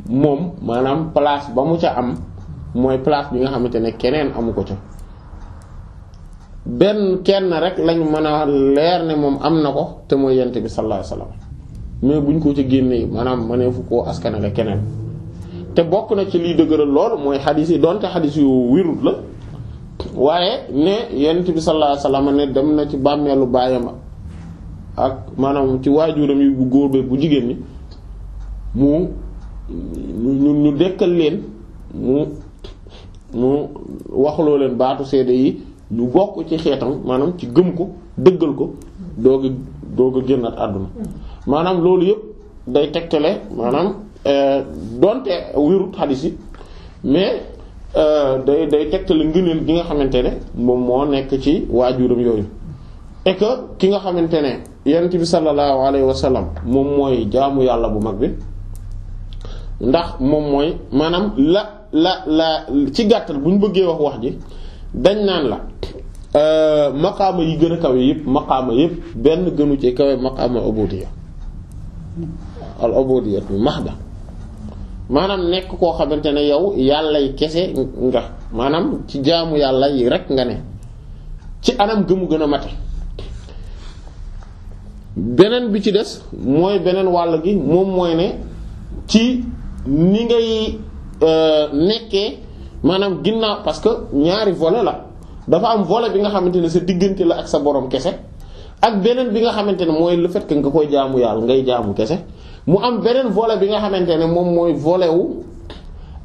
moom maanaam place ba mu ca am mooy place bi nga xamante ne keneen amu ko ca benn kenn rek lañu mën a leer ne moom am na ko te mooy yent bi sallallahu alayhi wasallam mais buñ ko ca génnee maanaam mëneefu koo askanale keneen te bokk na ci liy dëgëral lool mooy xadis yi donte xadis yu wirut la waaye ne yent bi sallallahu alayhi ne dem na ci bàmmeelu baayam ak maanaam ci waajuram yi bu góor bu jigéen ñi mu ñu ñu dekkal leen mu mu waxloo leen baatu seede yi ñu bokk ci xeetam maanaam ci gëm ko dëggal ko doog ko doog a àdduna maanaam loolu yëpp day tegtale maanaam euh, donte wérut xadis yi mais euh, day day tegtale ngëneel gi nga xamante ne moom moo nekk ci waajuram yooyu et ki nga xamante ne yonent bi sallallahu alayhi wa sallam moom mooy jaamu yàlla bu mag bi ndax moom mooy maanaam la la la ci gàttal bu ñu bëggee wax wax ji dañ naan la euh, maqaama yi gën a kawe yëpp maqaama yëpp benn gënu ci kawe maqaama ubudiyya al max mahda maanaam nekk koo xamante ne yow yàllay kese nga maanaam ci jaamu yàlla yi rek nga ne ci anam gëmu gën a mate beneen bi ci des mooy beneen wàll gi moom mooy ne ci ni ngay euh, nekkee maanaam ginnaaw parce que ñaari volet la dafa am volet bi nga xamante ne sa diggante la ak sa borom kese ak beneen bi nga xamante ne mooy le fait que nga koy jaamu yàlla ngay jaamu kese mu am beneen volet bi nga xamante ne moom mooy volet wu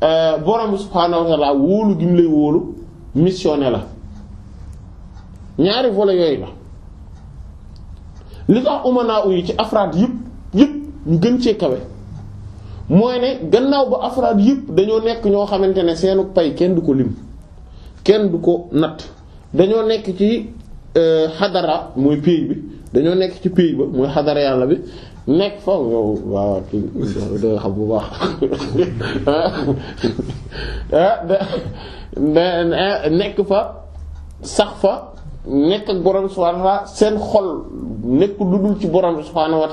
euh, borom bi subhaanahu wa ta'ala wóolu gi mu lay wóolu missionné la ñaari volet yooyu la. li tax umanaa yi ci afraad yëpp yëpp ñu gën cee kawe mooy ne gannaaw ba afraad yëpp dañoo nekk ñoo xamante ne seenu pay kenn du ko lim kenn du ko natt dañoo nekk ci euh, xadara mooy pay bi dañoo nekk ci pay ba mooy xadara yàlla bi nekk fa bu baax ah, fa sax fa nekk ak borom subhaanahu seen xol nekk lu dul ci borom bi subhaanahu wa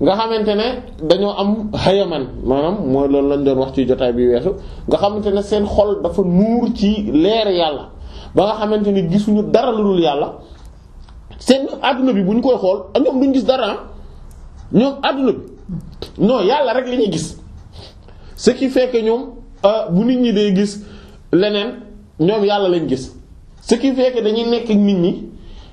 nga xamante ne dañoo am xayaman maanaam mooy loolu lañ doon wax ci jotaay bi weesu nga xamante ne seen xol dafa nuur ci leer yàlla ba nga xamante ne gisuñu dara lu dul yàlla seen adduna bi bu ñu koy xool ñoom luñ gis dara ñoom adduna bi non yàlla rek la ñuy gis ce qui fait que ñoom euh, bu nit ñi day gis leneen ñoom yàlla lañ gis ce qui dañuy nekk nit ñi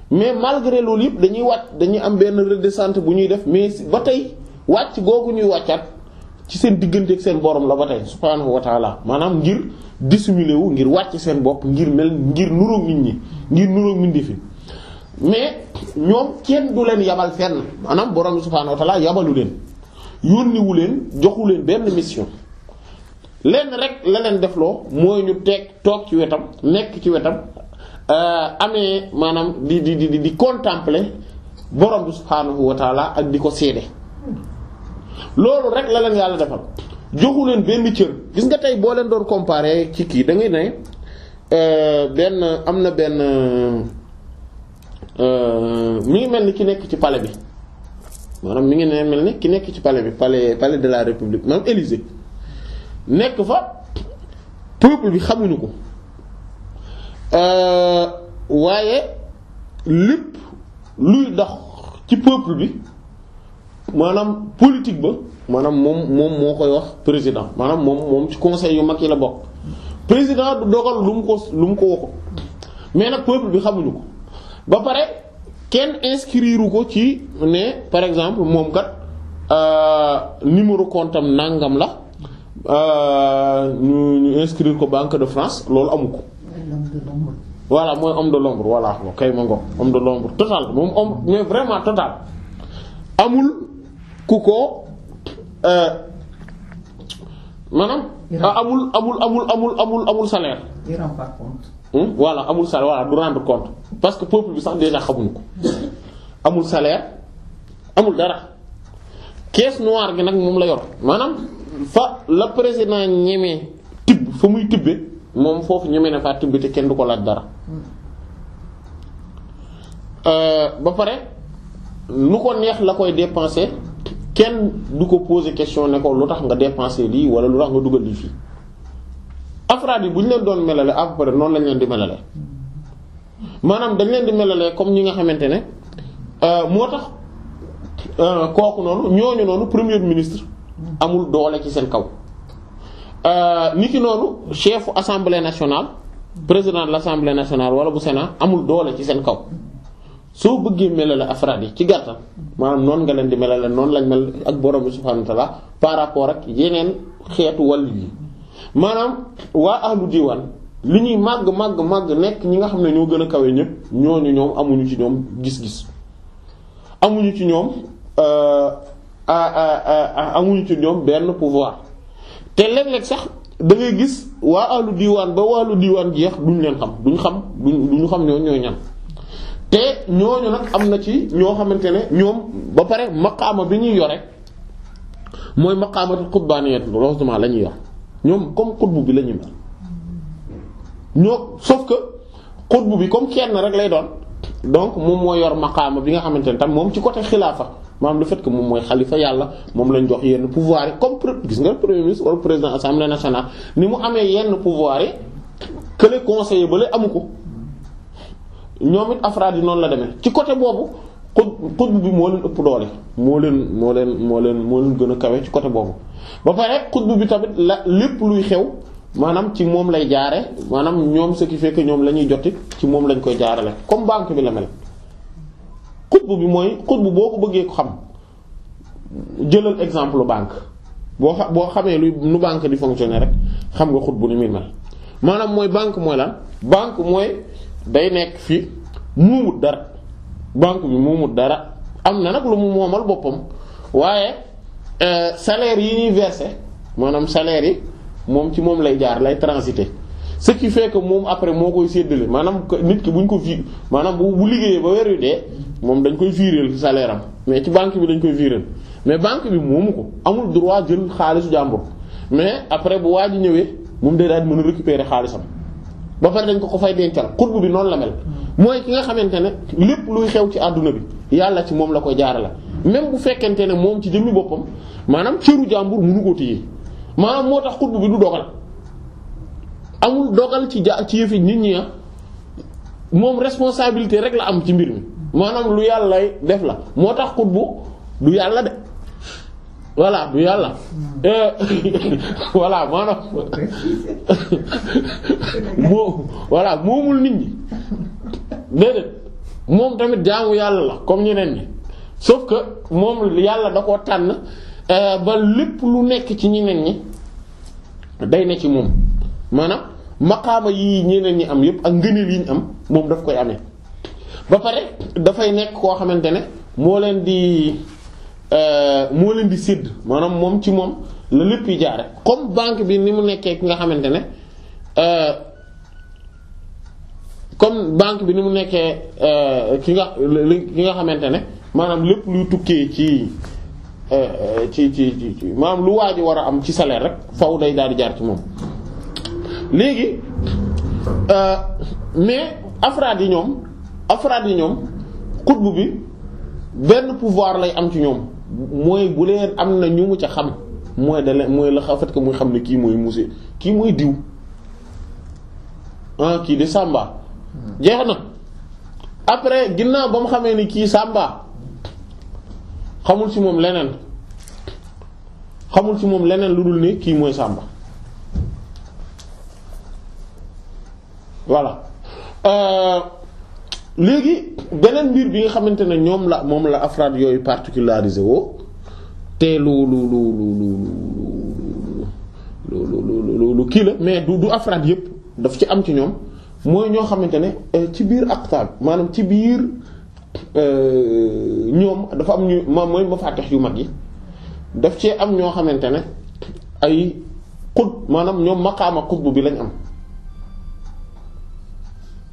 mais malgré loolu yëpp dañuy wàcc dañuy am benn redescente bu ñuy def mais ba tey wàcc googu ñuy wàccaat ci seen diggante ak seen borom la ba tey subhaanahu wa maanaam ngir dissimulé wu ngir wàcc seen bopp ngir mel ngir nuróog nit ñi ngir nuróog mindi fi mais ñoom kenn du leen yabal fenn maanaam borom subhaanahu wa taala yabalu leen yónniwu leen joxu leen benn mission lenn rek la leen defloo mooy ñu teg toog ci wetam nekk ci wetam Euh, amee maanaam di di di di contempler borom bi subhaanahu wa taala ak di ko seede loolu rek la leen yàlla defal joxu leen benn cër gis nga tey boo leen doon comparer ci kii da ngay ne euh, benn am na benn euh, mu ngi mel ni ki nekk ci pale bi maanaam mi ngi ne mel ni ki nekk ci pale bi pale pale de la république maanaam Élysée nekk fa peuple bi xamuñu ko. Euh, waaye lépp luy dox ci peuple bi maanaam politique ba maanaam moom moom moo koy wax président maanaam moom moom ci conseil yu mag yi la bokk président du dogal lu mu ko lu mu ko waxu mais nag peuple bi xamuñu ko ba pare kenn inscrire ko ci ne par exemple moom kat euh, numéro comptam nangam la euh, ñu ñu inscrire ko Banque de France loolu amu ko voilà mooy homme de l'ombre voilà kay ma ngo de l'ombre total moom homme mais vraiment total amul ku ko euh, maanaam amul amul amul amul amul amul salaire hmm? voilà amul salaire voilà du rendre compte parce que peuple bi sax déjà xamuñu ko amul salaire amul dara caisse noire gi nag moom la yor maanaam fa la président ñemee tibb fa muy tibbe moom foofu ñeme na faa tibb kenn du ko laaj dara euh, ba pare lu ko neex la koy dépenser kenn du ko poser question ne ko lu tax nga dépenser lii wala lu tax nga dugal lii fii afraad yi bu ñu leen doon melale à peu noonu lañ leen di melale maanaam dañ leen di melale comme ñi nga xamante ne euh, moo tax euh, kooku noonu ñooñu noonu premier ministre amul doole ci seen kaw Euh, niki noonu chefu assemblée nationale président de l'assemblée nationale wala bu sénat amul doole ci seen kaw soo bëggee melale afraad yi ci gàttal maanaam noonu nga leen di melale noonu lañ mel ak borom bi subhaanahu wa par rapport ak yeneen xeetu wàll yi maanaam waa ahlu diwaan li ñuy màgg màgg màgg nekk ñi nga xam ne ñoo gën a kawe ñëpp ñooñu ñoom amuñu ci ñoom gis-gis amuñu ci ñoom euh, amuñu ci ñoom benn pouvoir te léeg-léeg sax dangay gis waa alu diwaan ba waa alu jeex duñ leen xam duñ xam duñ duñu xam ñooñu ñooy ñan te ñooñu nag am na ci ñoo xamante ne ñoom ba pare maqaama bi ñuy yore mooy maqaamatul qutbaaniyya heureusement la ñuy yor ñoom comme qutbu bi la ñuy mel ñoo sauf que qutbu bi comme kenn rek lay doon donc moom moo yor maqaama bi nga xamante ne tam moom ci côté xilaafa maanaam lu fait que moom mooy xalifa yàlla moom lañ jox yenn pouvoir yi comme gis nga premier ministre wala président assemblée nationale ni mu amee yenn pouvoir yi que les ba la amu ko ñoom it afraad yi noonu la demee ci côté boobu xut xutb bi moo leen ëpp doole moo leen moo leen moo leen moo leen gën a kawe ci côté boobu ba pare xutb bi tamit la lépp luy xew maanaam ci moom lay jaare maanaam ñoom ce qui ñoom la ñuy joti ci moom lañ koy jaarale comme banque bi la mel xutbu bi mooy bu boo ko bëggee ko xam jëlal exemple banque boo xa boo xamee luy nu banque di fonctionner rek xam nga bu ni muy mel maanaam mooy banque mooy lan banque mooy day nekk fii muumut dara banque bi muumut dara am na nag lu mu moomal boppam waaye euh, salaire yi ñuy verser maanaam salaire yi moom ci moom lay jaar lay transité ce qui fait moom après moo koy séddale maanaam nit ki bu ñu ko vi maanaam bu bu liggéeyee ba weer yu dee moom dañ koy viréel salaire am mais ci banque bi dañ koy viréel mais banque bi moomu ko amul droit jël xaalisu jàmbur mais après bu waa ji ñëwee moom day daal di mën a récupérer xaalisam ba pare dañ ko ko fay dencal xutb bi noonu la mel. mooy ki nga xamante ne lépp luy xew ci àdduna bi yàlla ci moom la ko jaarale même bu fekkente ne moom ci jëmmi boppam maanaam cëru jàmbur mënu ko téye maanaam moo tax xutb bi du dogal. amul dogal ci ja ci yëfi nit ñi ah moom responsabilité rek la am ci mbir mi maanaam lu yàlla def la moo tax bu du yàlla de walla du yàlla hmm. euh, voilà maanaam moomul nit ñi déedéet moom tamit jaamu yàlla la comme ñeneen ñi sauf que moom yàlla da koo tànn euh, ba lépp lu nekk ci ñeneen ñi day ne ci moom. maanaam maqaama yi ñeneen ñi am yépp ak ngëneel yi ñu am moom daf koy amee ba pare dafay nekk koo xamante ne moo leen di euh, moo leen di sédd maanaam moom ci moom la lépp yi jaare comme banque bi ni mu nekkee ki nga xamante ne euh, comme banque bi ni mu nekkee euh, ki nga ki nga xamante ne maanaam lépp luy tukkee ci ci ci ci maanaam lu waa ji war a am ci salaire rek faw day daal di jaar ci moom léegi euh, mais afraad yi ñoom afraad yi ñoom xutbu bi benn pouvoir lay am ci ñoom mooy bu am na ñu mu ca xam mooy de leen mooy la xafat ko muy xam ne kii mooy musée kii mooy diw ah kii de Samba jeex na après ginnaaw ba mu xamee ni kii sàmba xamul ci moom leneen xamul ci moom leneen lu dul ni kii mooy Samba. voilà léegi beneen mbir bi nga xamante ne ñoom la moom la afraad yooyu particularisé woo te lu lu lu lu lu lu lu kii la mais du du afraad yépp daf ci am ci ñoom mooy ñoo xamante ne ci biir aqtaab maanaam ci biir ñoom dafa am ñu moom mooy mafaatix yu mag yi daf cee am ñoo xamante ne ay xut maanaam ñoom maqaama xutb bi lañ am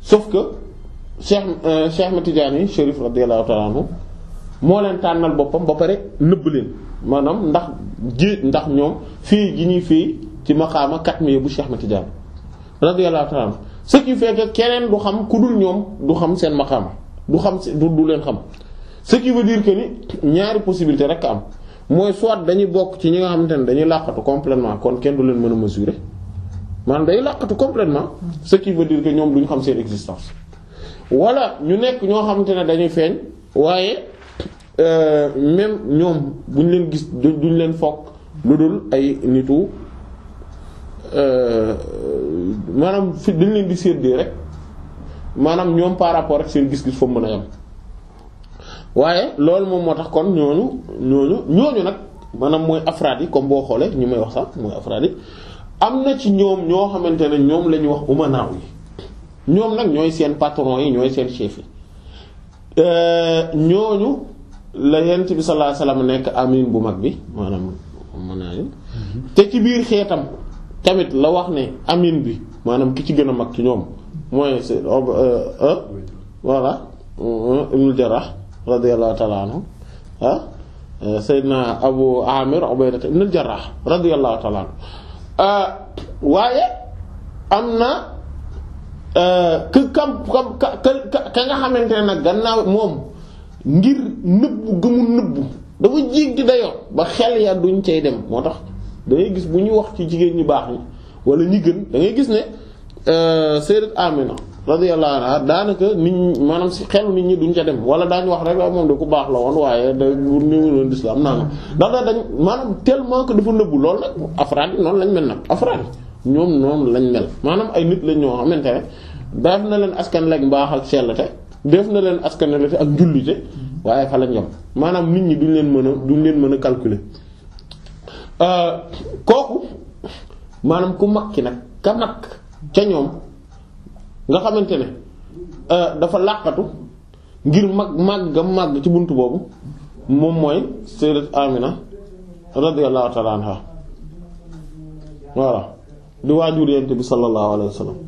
sauf que Cheikh euh, Cheikh Ahmed Tidiane Chérif radiyallahu ta'ala moo leen tànnal boppam ba pare nëbb leen maanaam ndax ji ndax ñoom fii gi ñuy fii ci maqaama katmiya bu Cheikh Ahmed Tidiane radiyallahu ta'ala anhu ce qui fait keneen du xam ku dul ñoom du xam seen maqaama du xam du du leen xam ce qui veut diir que ni ñaari possibilité rek am mooy soit dañuy bokk ci ñi nga xamante ne dañuy làqatu complètement kon kenn du leen mën a mesurer man day làqatu complètement ce qui veut dire que ñoom duñu xam seen existence wala ñu nekk ñoo xamante ne dañuy feeñ waaye euh, même ñoom buñ leen gis duñ leen fokk lu dul ay nitu euh, maanaam fi dañ leen di séddee rek maanaam ñoom par rapport ak seen gis-gis foofu mën a yem waaye loolu moom moo tax kon ñooñu ñooñu ñooñu nag maanaam mooy afraad yi comme boo xoolee ñu may wax sax mooy afraad yi am na ci ñoom ñoo xamante ne ñoom la ñuy wax umanaaw yi ñoom nag ñooy seen patron yi ñooy seen chef yi euh, ñooñu la yent bi sallallahu alayhi wasallam nekk amin bu mag bi maanaam umanaaw mhm. ci biir xeetam tamit la wax ne amin bi maanaam ki ci gën a mag ci ñoom mooy c'est euh, euh, voilà ibnul Jarrah radiyallahu ta'ala anhu ah Seydina Abu Amir ibnul Jarrah radiyallahu ta'ala Euh, waaye am na euh, ka kam ka ka nga xamante ne nag gannaaw moom ngir nëbbu gëmu nëbbu dafa jéggi dayoo ba xel ya duñ cay dem moo tax da gis bu ñuy wax ci jigéen ñi baax ñi wala ñi gën dangay gis ne euh, Sayyidat Amina radiyallahu anha daanaka nit ñi maanaam si xelu nit ñi duñ ca dem wala daañu wax rek moom de ku baax la woon waaye da néewloon lislaam naan ndax dax dañ maanaam tellement que dafa nëbbu loolu nag afraad yi noonu lañ mel nag afraad yi ñoom noonu lañ mel maanaam ay nit lañ ñoo xamante ne def na leen askan lek mbaax ak sellate def na leen askan late ak njullite waaye fa lañ yem maanaam nit ñi duñ leen mën a duñ leen mën a calculer euh, kooku maanaam ku mag ki nag ka mag ca ñoom nga xamante ne euh, dafa làqatu ngir mag màggam màgg ci bunt boobu moom mooy sayyidat Amina radiyallahu ta'ala anha voilà di waajur yent bi sallallahu alayhi wa sallam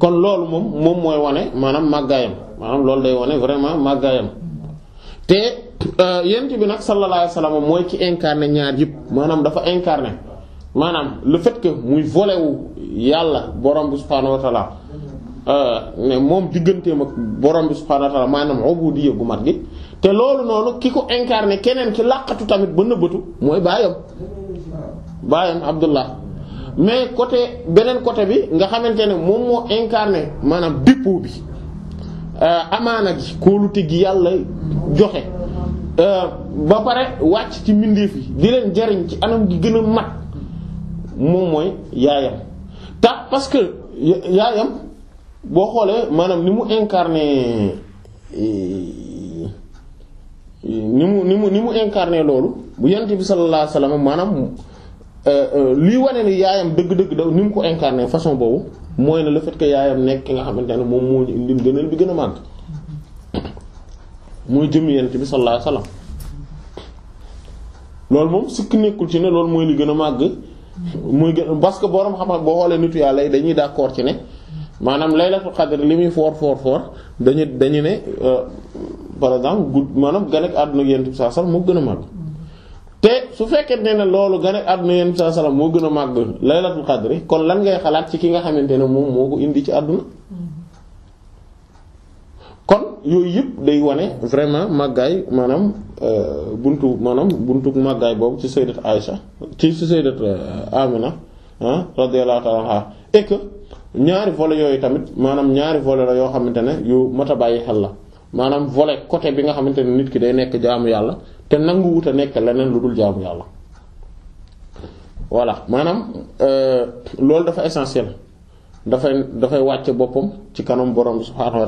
kon loolu moom moom mooy wane maanaam màggaayam maanaam loolu day wane vraiment màggaayam te euh, yent bi nag sallallahu alayhi wa sallam mooy ci incarné ñaar yëpp maanaam dafa incarné maanaam le fait que muy volé yàlla borom bi subhaanahu wa taala euh, moom digganteem ak borom bi subhaanahu wa taala maanaam ubudiyya gu mat gi te loolu noonu ki ko incarné keneen ki làqatu tamit ba nëbbatu mooy baayam baayam Abdullah mais côté beneen côté bi nga xamante ne moom moo incarné maanaam dépôt bi euh, amaana gi kóolute gi yàlla joxe euh, ba pare wàcc ci mbindeef yi di leen jariñ ci anam gi gën mat moom mooy yaayam tax parce que yaayam boo xoolee maanaam ni mu incarné e, e, ni mu ni mu ni mu incarné loolu bu yonent bi sallallahu alayhi wasallam maanaam e, lii wane ni yaayam dëgg-dëgg da ni mu ko incarné façon boobu mooy ne la fait yaayam nekk ki nga xamante ne moom moo ñu indil gënal bi gën a màgg mooy jëm yonent bi sallallahu alayhi wasallam loolu moom sikk nekkul ci ne loolu mooy li gën a màgg muy gën parce que borom xam-xam boo xoolee nitu yàlla yi dañuy d'accord ci ne maanaam laylatul qadr li muy foor foor foor dañu dañu ne euh, par exemple gudd maanaam gan ak àdduna yonent bi sallallahu alayhi moo gën a màgg te su fekkee ne ne loolu gan ak àdduna yonent bi sallallahu moo gën a màgg laylatul qadr kon lan ngay xalaat ci ki nga xamante ne moom moo ko indi ci àdduna kon yooyu yëpp day wane vraiment màggaay maanaam euh, buntu maanaam buntu màggaay boobu ci sayyidat Aïcha ci ci sayyidat euh, Amina ah radiyallahu ta'ala anha et que ñaari volets yooyu tamit maanaam ñaari volets la yoo xamante ne yu mat a bàyyi xel la maanaam vole côté bi nga xamante ne nit ki day nekk jaamu yàlla te nangu wut nekk leneen lu dul jaamu yàlla voilà maanaam euh, loolu dafa essentiel. dafay dafay wàcce boppam ci kanam borom bi subhaanahu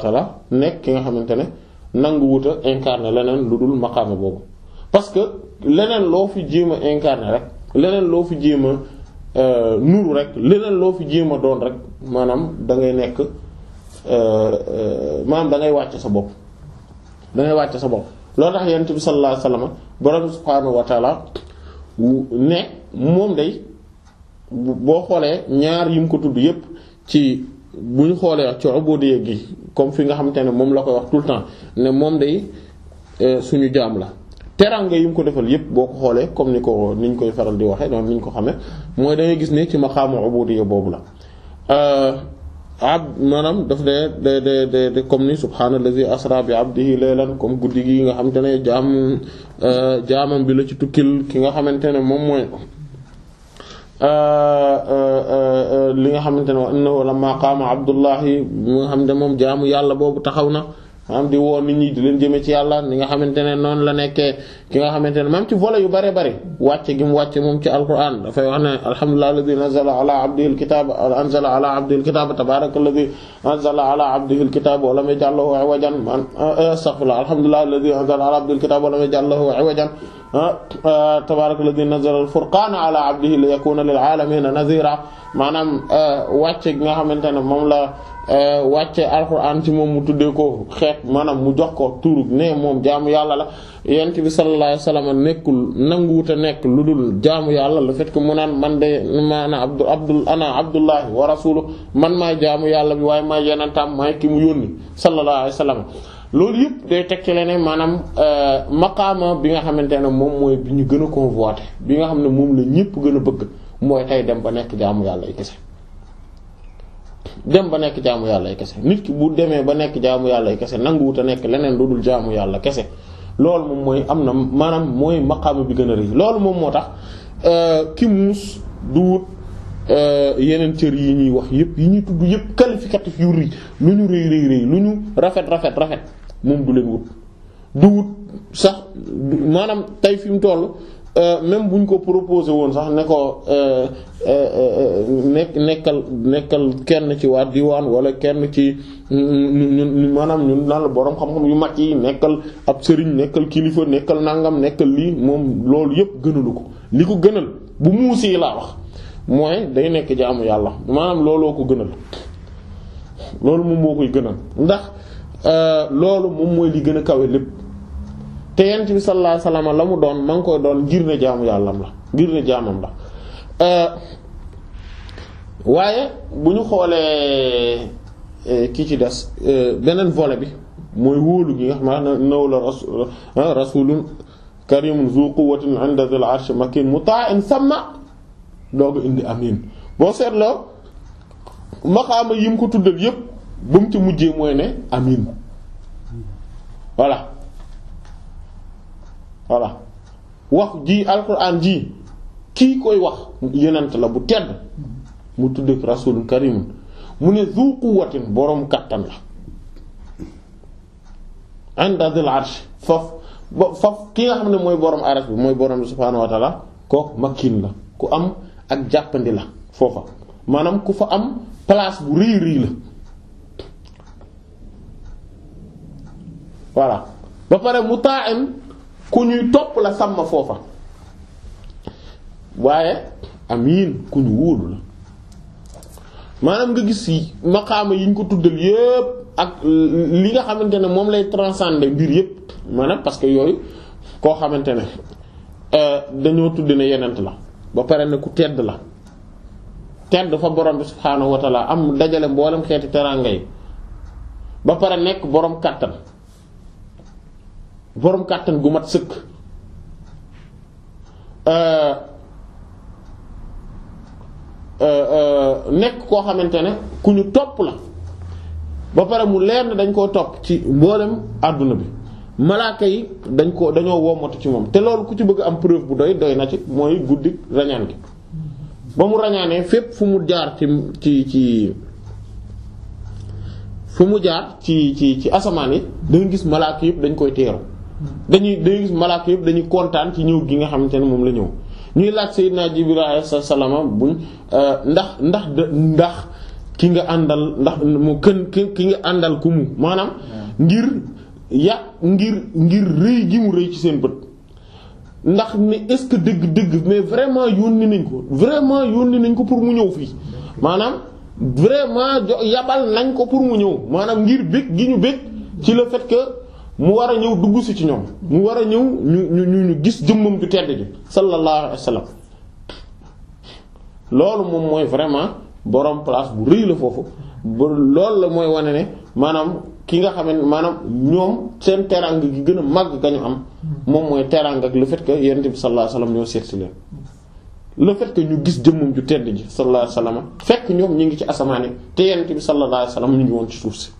nekk ki nga xamante ne nangu wuta incarné leneen lu dul maqaama boobu parce que leneen loo fi jéem a incarné rek leneen loo fi jéem a euh, nuru rek leneen loo fi jéem a doon rek maanaam dangay ngay nekk euh, euh, maanaam da ngay wàcce sa bopp dangay ngay wàcce sa bopp loolu tax yonent bi sallallahu alayhi wasallam borom bi subhaanahu wa taala ne moom day boo xoolee ñaar yi mu ko tudd yépp ci bu ñu xoolee ci ubudiyya gi comme fi nga xamante ne moom la koy wax tout ne moom day euh, suñu jaam la teranga yi mu ko defal yépp boo ko xoolee comme ni ko niñ koy faral di waxee noonu niñ ko xamee mooy da ngay gis ne ci maqaamu ubudiyya boobu la euh, ab maanaam daf de de de de comme ni subhaanallazi asra bi abdihi laylan comme guddi gi nga xam xamante ne jaam euh, jaamam bi la ci tukkil ki nga xamante ne moom mooy Euh, euh, euh, li nga xamante ne wa innahu lamma qaama abdullahi mi nga xam ne moom jaamu yàlla boobu taxaw na am di woon nit ñi di leen jëme ci yàlla li nga xamante ne noonu la nekkee ki nga xamante ne même ci volet yu bare bare wàcce gi wàcce moom ci alquran dafay wax ne alhamdulillahi alladhi nazala ala abdihi alkitaba anzala ala abdihi alkitaba tabaraka alladhi anzala ala abdihi alkitaba wa lam yaj'al lahu iwajan astaghfirullah alhamdulillahi alladhi anzala ala abdihi alkitaba wa lam yaj'al lahu iwajan Ah, ah, tabaaraka alladhi nazzala al-furqaana ala abdihi li yakuna lil aalamiina nadhiira maanaam ah, wàcce gi nga xamante ne moom la wàcce alxuraan ci moom mu tuddee ko xeet maanaam mu jox ko turu ne moom jaamu yàlla la yonent bi sallallahu alayhi wasallam nekkul nanguwut a nekk lu dul jaamu yàlla la fait que mu naan man de maanaam abdu abdul ana abdullahi wa rasuluhu man maay jaamu yàlla bi waaye maay yenantaam maay ki mu yónni sallallahu alayhi wasallam loolu yëpp teg tegtale ne maanaam euh, maqaama bi nga xamante ne moom mooy bi ñu gën a convoité bi nga xam ne moom la ñëpp gën a bëgg mooy tey dem ba nekk jaamu yàlla ay kese dem ba nekk jaamu yàlla ay kese nit ki bu demee ba nekk jaamu yàlla ay kese nanguwut a nekk leneen lu dul jaamu yàlla kese loolu moom mooy am na maanaam mooy maqaama bi gën a rëy loolu moom moo tax euh, ki muus du wut euh, yeneen cër yi ñuy wax yëpp yi ñuy tudd yëpp qualificatif yu rëy lu ñu rëy rëy rëy lu ñu rafet rafet rafet moom du leen wut du sax maanaam tey fi mu toll euh, même bu ñu ko proposé woon sax ne ko euh, euh, nekk nekkal nekkal kenn ci waa diwaan wala kenn ci mm, mm, ñun maanaam ñun lan la borom xam-xam yu mag yi nekkal ab sëriñ nekkal kilifa nekkal nangam nekkal lii moom loolu yëpp gënalu ko li ko gënal bu muusee laa wax mooy day nekk jaamu yàlla maanaam looloo ko gënal loolu moom moo koy gënal ndax. Euh, loolu moom mooy li gën a kawe lépp te yent bi sallallahu alayhi wasallam la mu doon ma ngi koy doon ngir ne jaamu yàllam la ngir ne jaamam la euh, waaye bu ñu xoolee euh, ki ci des beneen volet bi mooy wóolu gi nga xam ne naw la rasul ah, rasulun karimun zu quwwatin 'inda dhil 'arshi makin muta'in samma dooga indi amin boo seetloo maqaama yim ko tuddal yépp ba mu ci mujjee mooy ne amin voilà voilà wax ji alquran ji kii koy wax yonent la bu tedd mu tudd rasul karim mu ne zu quwwatin boroom kàttan la inda zil arsh foofu ba ki nga xam ne mooy boroom arsh bi mooy boroom subhaanahu wa ta'ala kooku la ku am ak jàppandi la foofa maanaam ku fa am place bu rëy rëy la voilà ba pare mu taa ku ñuy topp la sàmm foofa waaye amiin ku ñu wóolu la maanaam nga gis yi maqaama yi ñu ko tuddal yépp ak li nga xamante ne moom lay transcender mbir yépp maanaam parce que yooyu koo xamante ne euh, dañoo tudd na yenent la ba pare ne ku tedd la tedd fa borom bi subhaanahu wa taala am dajale mboolem xeeti teraanga yi ba pare nekk borom kàttan boroom kàttan gu mat sëkk euh, euh, nekk koo xamante ne ku ñu topp la ba pare mu leer na dañ koo topp ci mboolem àdduna bi malaaka yi dañ ko dañoo wommatu ci moom te loolu ku ci bëgg am preuve bu doy doy na ci mooy guddi rañaan gi ba mu rañaanee fépp fu mu jaar ci ci ci fu mu jaar ci ci ci asamaan yi da gis malaaka yëpp dañ koy teeru dañuy dañuy gis malaaka yëpp dañuy kontaan ci ñëw gi nga xamante ne moom la ñëw ñuy laaj sey Seydina Jibril alayhi salaam buñ euh, ndax ndax ndax ki nga àndal ndax mu kën ki nga àndal ku mu maanaam ngir ya ngir ngir rëy gi mu rëy ci seen bët ndax ne est-ce que dëgg-dëgg mais vraiment yónni nañ ko vraiment yónni nañ ko pour mu ñëw fii maanaam vraiment yabal nañ ko pour mu ñëw maanaam ngir bëgg gi ñu bëgg ci le fait que mu war a ñëw dugg si ci ñoom mu war a ñëw ñu ñu ñu gis jëmmam ju tedd ji sallallahu alayhi wa loolu moom mooy vraiment borom place bu rëy la foofu loolu la mooy wane ne maanaam ki nga xam ne maanaam ñoom seen teraanga gi gën a màgg ka ñu am moom mooy teraanga ak le fait que yonent bi sallallahu alayhi wa sallam ñoo seet leen le fait ñu gis jëmmam ju tedd ji sallallahu alayhi wa sallam fekk ñoom ñu ngi ci asamaan te yonent bi sallallahu alayhi wa sallam ñu ngi woon ci suuf si.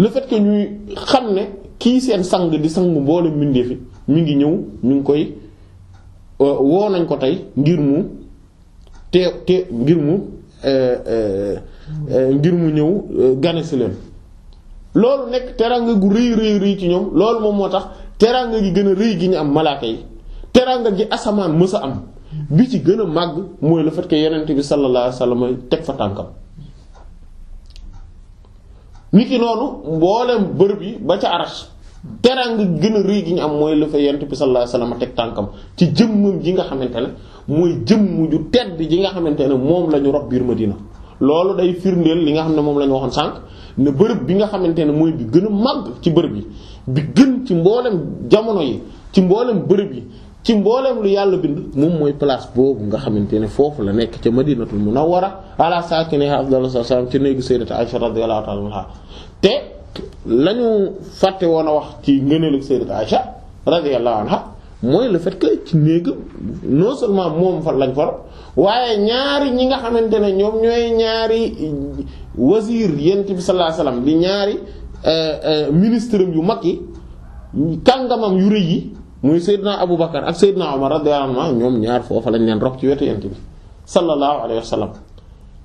le fait que ñuy xam ne kii seen sang di sang mboolem mbindee fi mi ngi ñëw ñu ngi koy euh, woo nañ ko tey ngir mu te te ngir mu euh, euh, ngir mu ñëw gane si leen loolu nekk teraanga gu rëy rëy rëy ci ñoom loolu moom moo tax teraanga gi gën a rëy gi ñu am malaaka yi teraanga gi asamaan mës a am bi ci gën a màgg mooy le fait que yonent bi sallallahu alayhi wasallam teg fa tànkam ni ki noonu mboolem bërëb yi ba ca arash teraanga gën a rëy gi ñu am mooy la fa yent bi sallallahu alayhi wasallam teg tànkam ci jëmmam ji nga xamante ne mooy jëmm ju tedd ji nga xamante ne moom la ñu rob biir Madina loolu day firndeel li nga xam ne moom lañu ñu waxoon sànq ne bërëb bi nga xamante ne mooy bi gën a mag ci bërëb yi bi gën ci mboolem jamono yi ci mboolem bërëb yi ci mbooleem lu yàlla bind moom mooy place boobu nga xamante ne foofu la nekk ca madinatul munawwara ala saakinihaa afdalu salaam ci néegu sayyidati Aisha radiyallahu ta'ala anha te lañu fàtte woon a wax ci ngëneelu sayyidati Aisha radiyallahu anha mooy le fait que ci néegam non seulement moom fa lañ far waaye ñaari ñi nga xamante ne ñoom ñooy ñaari wazir yent bi sallallahu alayhi di ñaari euh, euh, ministre yu mag yi kàngamam yu rëy yi muy Seydina Abu Bakar ak Seydina Omar radiyallahu anhu ñoom ñaar foofa lañ leen rob ci wetu yent bi sallallahu alayhi wa sallam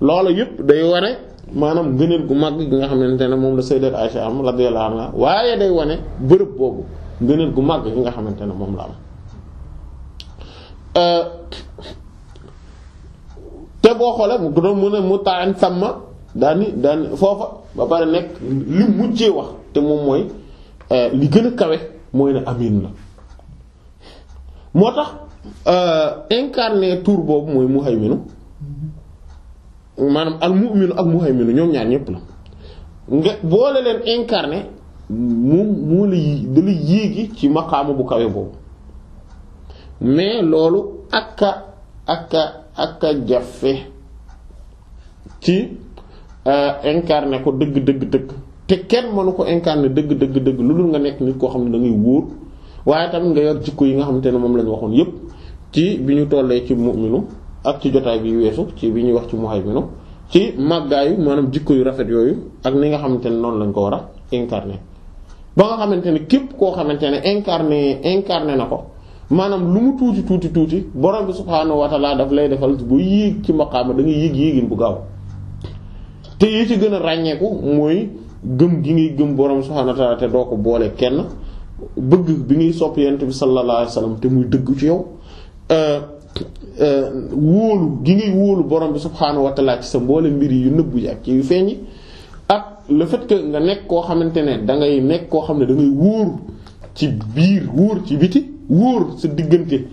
loolu yëpp day wane maanaam gëneel gu mag gi nga xamante ne moom la Sayyidatu Aisha am radiyallahu anha waaye day wane bërëb boobu gëneel gu mag gi nga xamante ne moom la euh, te boo xoolee mu doon mën a mu taan sàmma daani daani foofa ba pare nekk li mujjee wax te moom mooy euh, li gën a kawe mooy ne amiin la. moo tax euh, incarné tour boobu mooy muhayminu maanaam al mu'minu ak muhayminu ñoom ñaar ñëpp la nga boole leen incarné moom moo la dala yéegi ci maqaama bu kawe boobu mais loolu akka akka akka jafe ci euh, incarné ko dëgg dëgg dëgg te kenn mënu ko incarné dëgg dëgg dëgg lu dul nga nekk nit koo xam ne da wóor waaye tamit nga yor jikko yi nga xamante ne moom la ñu waxoon yépp ci bi ñu tollee ci mu'minu ak ci jotaay bi weesu ci bi ñuy wax ci mu muhayminu ci màggaayu maanaam jikko yu rafet yooyu ak ni nga xamante ne noonu lañ ko war a incarner ba nga xamante ne képp koo xamante ne incarner incarner na ko maanaam lu mu tuuti tuuti tuuti borom bi subhaanahu wa ta'ala daf lay defal bu yéeg ci maqaama da nga yéeg yéegin bu gaaw te yi ci gën a ràññeeku mooy gëm gi ngay gëm borom subhaanahu wa doo ko boole kenn bëgg bi ngay sopp yonent bi sallallahu alayhi wasallam te muy dëggu ci yow euh, euh, wóolu gi ngay wóolu borom bi subhaanahu wa ta'ala ci sa mboole mbir yu nëbbu yi ak ci yu feeñ yi ak le fait nga nekk koo xamante ne dangay ngay nekk koo xam ne da wóor ci biir wóor ci biti wóor sa diggante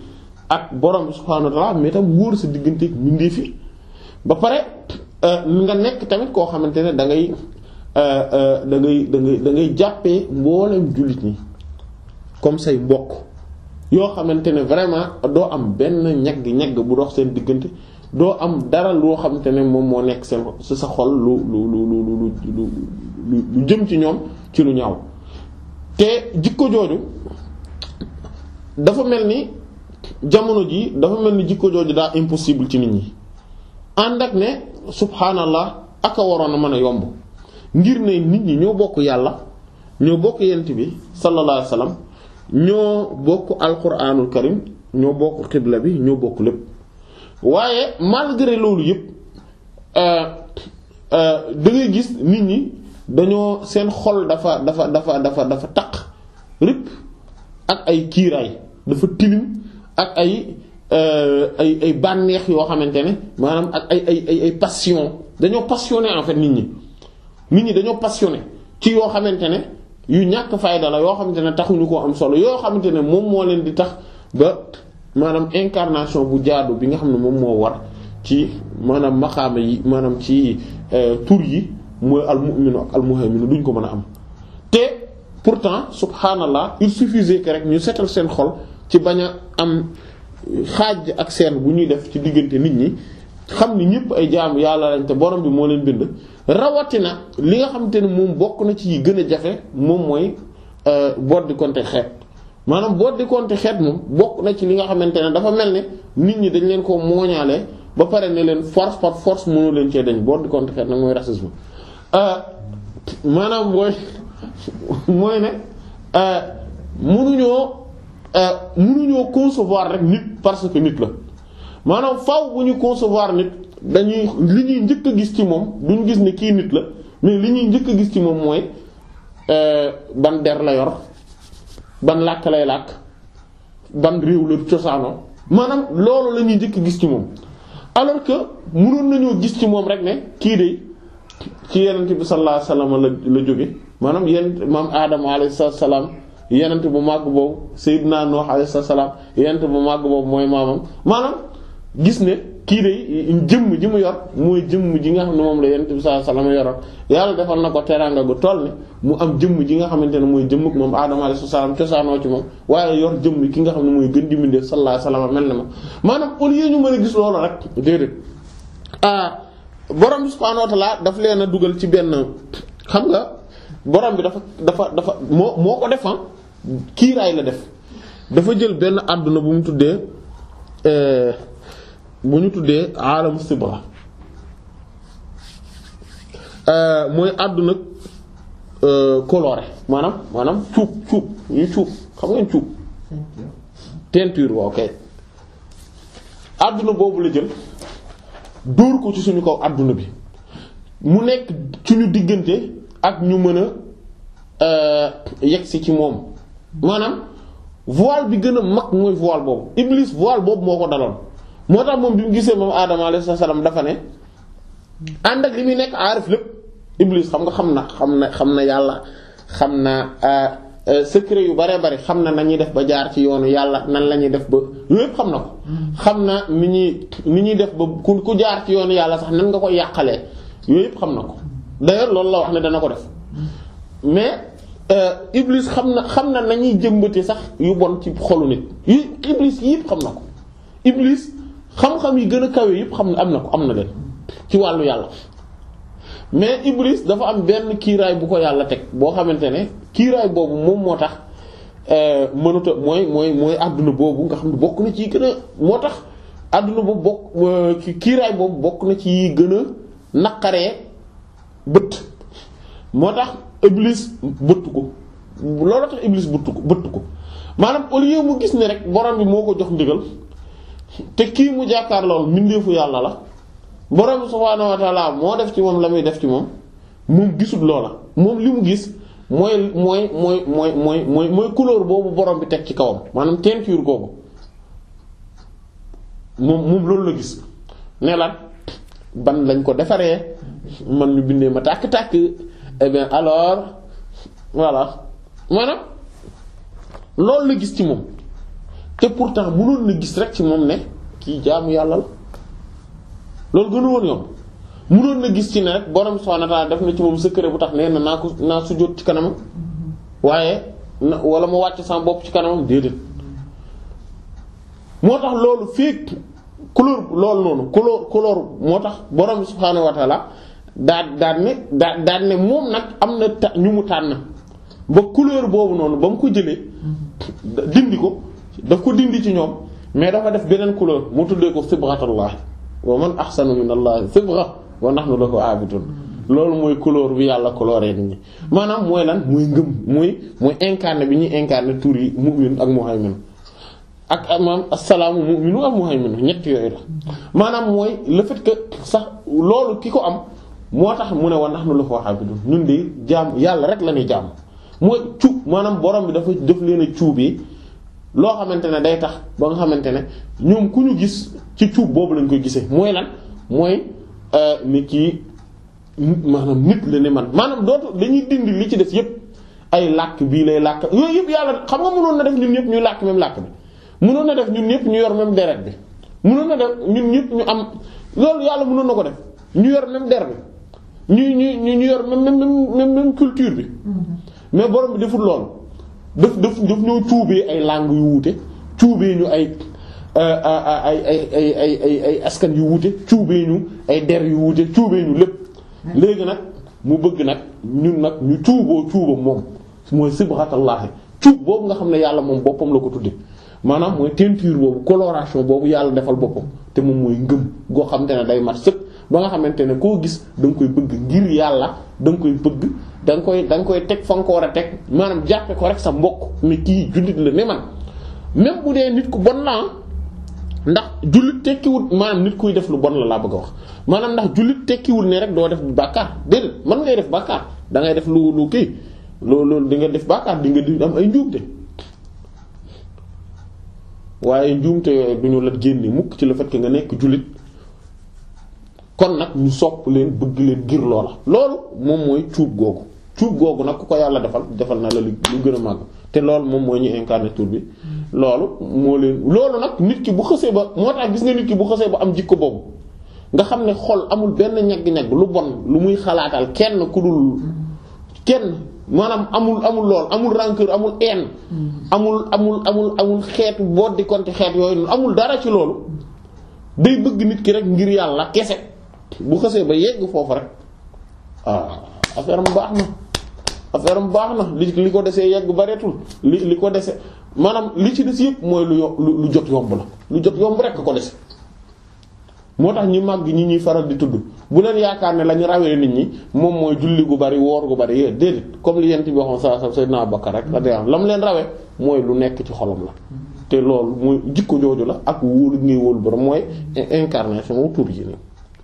ak borom bi subhaanahu wa ta'ala wóor sa diggante ak mbindeef fi ba pare euh, nga nekk tamit koo xamante ne da ngay da ngay da ngay da ngay jàppee mboolem jullit ñi. comme say mbokk yoo xamante ne vraiment doo am benn ñagg-ñagg bu dox seen diggante doo am dara loo xamante ne moom moo nekk seen si sa xol lu lu lu lu lu lu jëm ci ñoom ci lu ñaaw te jikko jooju dafa mel ni jamono ji dafa mel ni jikko jooju daa impossible ci nit ñi ànd ak ne subhaanallah aka waroon a mën a yomb ngir ne nit ñi ñoo bokk yàlla ñoo bokk yent bi sallallahu alayhi wasallam ñoo bokk alquranul karim ñoo bokk xibla bi ñoo bokk lépp waaye malgré loolu yëpp euh, euh, da ngay gis nit ñi dañoo seen xol dafa dafa dafa dafa dafa taq rip ak ay kiiraay dafa tilim ak ay euh, ay ay bànneex yoo xamante ne maanaam ak ay ay ay ay passion dañoo passionné en fait nit ñi nit ñi dañoo passionné ci yoo xamante ne yu ñàkk fayda la yoo xamante ne taxuñu ko am solo yoo xamante ne moom moo leen di tax ba maanaam incarnation bu jaadu bi nga xam ne moom moo war ci maanaam maxaama yi maanaam ci euh, tur yi mooy al mu'minu ak al duñ ko mën a am te pourtant subhanallah il suffisait que rek ñu setal seen xol ci bañ a am xaaj ak seen bu ñuy def ci diggante nit ñi xam ni ñëpp ay jaamu yàlla lañ te borom bi moo leen bind rawatina li nga xamante ne moom bokk na ci yi gën a jafe moom mooy euh, boot di compter xeet maanaam boot di xeet moom bokk na ci li nga xamante ne dafa mel ne nit ñi dañ leen ko mooñaale ba pare ne leen force par force mënoo leen cee dañ boot di compter xeet nag mooy racisme euh, maanaam mooy mooy ne euh, mënuñoo mënuñoo concevoir rek nit parce que nit la maanaam faw bu ñu concevoir nit dañuy li ñuy njëkk a gis ci moom duñ gis ni kii nit la mais li ñuy njëkk a gis ci moom mooy euh, ban der la yor ban làkk lay làkk ban réew la cosaanoo maanaam loolu la njëkk a gis ci moom alors que mënoon nañoo gis ci moom rek ne kii de ci yenent bi sallallahu alayhi wasallam la la jóge maanaam yenent maam aadama alayhi salaam yenent bu màgg boobu sayyidna Nuh alayhi salaam yenent bu màgg boobu mooy maamam maanaam gis kii de jëmm ji mu yor mooy jëm ji nga xam ne moom la yonent bi sallallahu alayhi yoroon yàlla defal na ko teraanga gu tool ni mu am jëmm ji nga xamante ne mooy jëmm moom Aadama alayhi salaam cosaanoo ci moom waaye yor jëmm ki nga xam ne mooy gën di mbindeef sallallahu alayhi wasallam mel na ma maanaam au lieu ñu mën a gis loolu rek déedéet ah borom bi subhaanahu wa ta'ala daf leen a dugal ci benn xam nga borom bi dafa dafa dafa moo moo ko defan ah, kiiraay la def dafa jël benn àdduna bu mu tuddee. Euh, bu ñu tuddee aalamu sibra euh, mooy àdduna euh, coloré maanaam maanaam cuub cuub ñu cuub xam ngeen cuub teinture waaw kay àdduna boobu la jël dóor ko ci suñu kaw àdduna bi mu nekk suñu diggante ak ñu mën a euh, yegsi ci moom maanaam voile bi gën a mag mooy voile boobu Iblis voile boobu moo ko daloon moo tax moom bi mu gisee moom Adama alayhi salaam dafa ne ànd ak li muy nekk aarif lépp Iblis xam nga xam na xam na xam na yàlla xam na euh, euh, secret yu bare bare xam na nañuy def ba jaar ci yoonu yàlla nan la ñuy def ba xam na ko. xam na ni ñuy ni ñuy def ba ku ku jaar ci yoonu yàlla sax nan nga ko yàqalee yooyu yëpp xam na ko d'ailleurs loolu la wax ne dana ko def mais. Euh, Iblis xam na xam na nañuy jëmbate sax yu bon ci xolu nit yi Iblis yëpp xam na ko Iblis xam-xam yi gën a kawe yëpp xam am na ko am na leen ci wàllu yàlla mais Iblis dafa am benn kiiraay bu ko yàlla teg boo xamante ne kiiraay boobu moom moo tax euh, mënuta mooy mooy mooy àdduna boobu nga xam ne bokk na ci gën moo tax àdduna boobu bokk euh, kiiraay boobu bokk na ci gën a naqaree bët moo tax Iblis bët ko loolu tax Iblis bëtt ko bëtt ko maanaam au lieu mu gis ne rek borom bi moo ko jox ndigal te kii mu jàkkaar lool mbindeefu yàlla la borom subhaanahu wa moo def ci moom la muy def ci moom moom gisul loola moom li mu gis mooy mooy mooy mooy mooy mooy mooy couleur boobu boroom bi teg ci kawam maanaam teinture googu moom moom loolu la gis ne lan ban lañ ko defaree man ñu bindee ma tàkk-tàkk eh bien alors maanaam loolu la gis ci moom te pourtant mënoon na gis rek ci moom ne kii jaamu yàlla la loolu gënu woon yomb na gis ci ne rek borom subhaanahu wa def na ci moom secret bu tax neen na naa ko naa sujjóot ci kanamam waaye na wala ma wàcc sama bopp ci kanamam déedéet moo tax loolu fii couleur loolu noonu couleur couleur moo tax boroom subhaanahu wa ta'aala daal daal ne daal ne moom nag am na ta ñu mu tànn ba couleur boobu noonu ba mu ko jëlee dindi ko. daf ko dindi ci ñoom mais dafa def beneen couleur mu tuddee ko sibghatullah wa man ahsanu minallahi sibgha wa nahnu lahu abidun loolu mooy couleur bi yàlla coloré nit ñi maanaam mooy lan mooy ngëm mooy mooy bi ñuy incarné tur yi mu'min ak muhaymin ak maanaam assalaamu mu'minu ak muhaymin ñett yooyu maanaam mooy le fait sax loolu ki ko am moo tax mu ne wa nahnu lahu abidun ñun de jàmm yàlla rek la ñuy jàmm mooy cuub maanaam borom bi dafa def leen a cuubee loo xamante ne day tax ba nga xamante ne ñoom ku ñu gis ci cuub boobu lañ koy gisee mooy lan mooy euh, ni kii maanaam nit la ne man maanaam dootu dañuy dindi li ci des yépp ay làkk bii lay làkk yooyu yépp yàlla xam nga mënoon na def ñun ñépp ñuy làkk même làkk bi mënoon na def ñun ñépp ñu yor même deret bi mënoon na def ñun ñépp ñu am loolu yàlla mënoon na ko def ñu yor même der bi ñu ñu ñu yor même même même culture bi mm-hmm. mais borom bi deful loolu. daf daf daf ñoo cuubee ay làng yu wuute cuubee ñu ay euh, euh, euh, ay ay ay ay ay ay askan yu wuute cuubee ñu ay der yu wuute cuubee ñu lépp léegi nag mu bëgg nag ñun nag ñu cuuboo cuuba moom mooy sibghatallaahi cuub boobu nga xam ne yàlla moom boppam la ko tudde maanaam mooy teinture boobu coloration boobu yàlla defal boppam te moom mooy ngëm goo xamante ne day mat sëpp ba nga xamante ne koo gis danga koy bëgg ngir yàlla danga koy bëgg danga koy da koy teg fa ko war a teg maanaam jàppe ko rek sa mbokk ni kii jullit la ne man même bu dee nit ku bon la ah, ndax jullit tekkiwul maanaam nit kuy def lu bon la laa bëgg a wax maanaam ndax jullit tekkiwul ne rek doo def bàkkaar de man ngay def bàkkaar da ngay def lu lu loolu di nga def bàkkaar di nga di am ay njuumte waaye njuumte yooyu du ñu la génne ci le fait nga nekk jullit kon nag ñu leen bëgg leen ngir loola loolu moom mooy cuub googu tuub googu nag ku ko yàlla defal defal na la lu gën a màgg te loolu moom moo ñu incarné tur bi mm. loolu moo leen loolu nag nit ki bu xësee ba moo tax gis nga nit ki bu xësee ba am jikko boobu nga xam ne xol amul benn ñagg-ñagg lu bon lu muy xalaatal kenn ku dul kenn maanaam amul amul lool amul rancœur amul haine mm. amul amul amul amul xeetu boo di konti xeet yooyu amul dara ci loolu day bëgg nit ki rek ngir yàlla kese bu xësee ba yegg foofu rek ah affaire am baax na li li ko desee yegg bareetul li li ko desee maanaam li ci des yëpp mooy lu lu jot yomb la lu jot yomb rekk ko dese moo tax ñi màgg ñi ñuy faral di tudd bu leen yaakaar ne lañu rawee nit ñi moom mooy julli gu bari woor gu bari déedéet comme li yent bi waxoon saa sa Seydina Abubakar rek radiyallahu anhu la mu leen rawee mooy lu nekk ci xolam la te loolu mooy jikko jooju la ak wóolu ngay wóolu borom mooy incarnation wu tur yi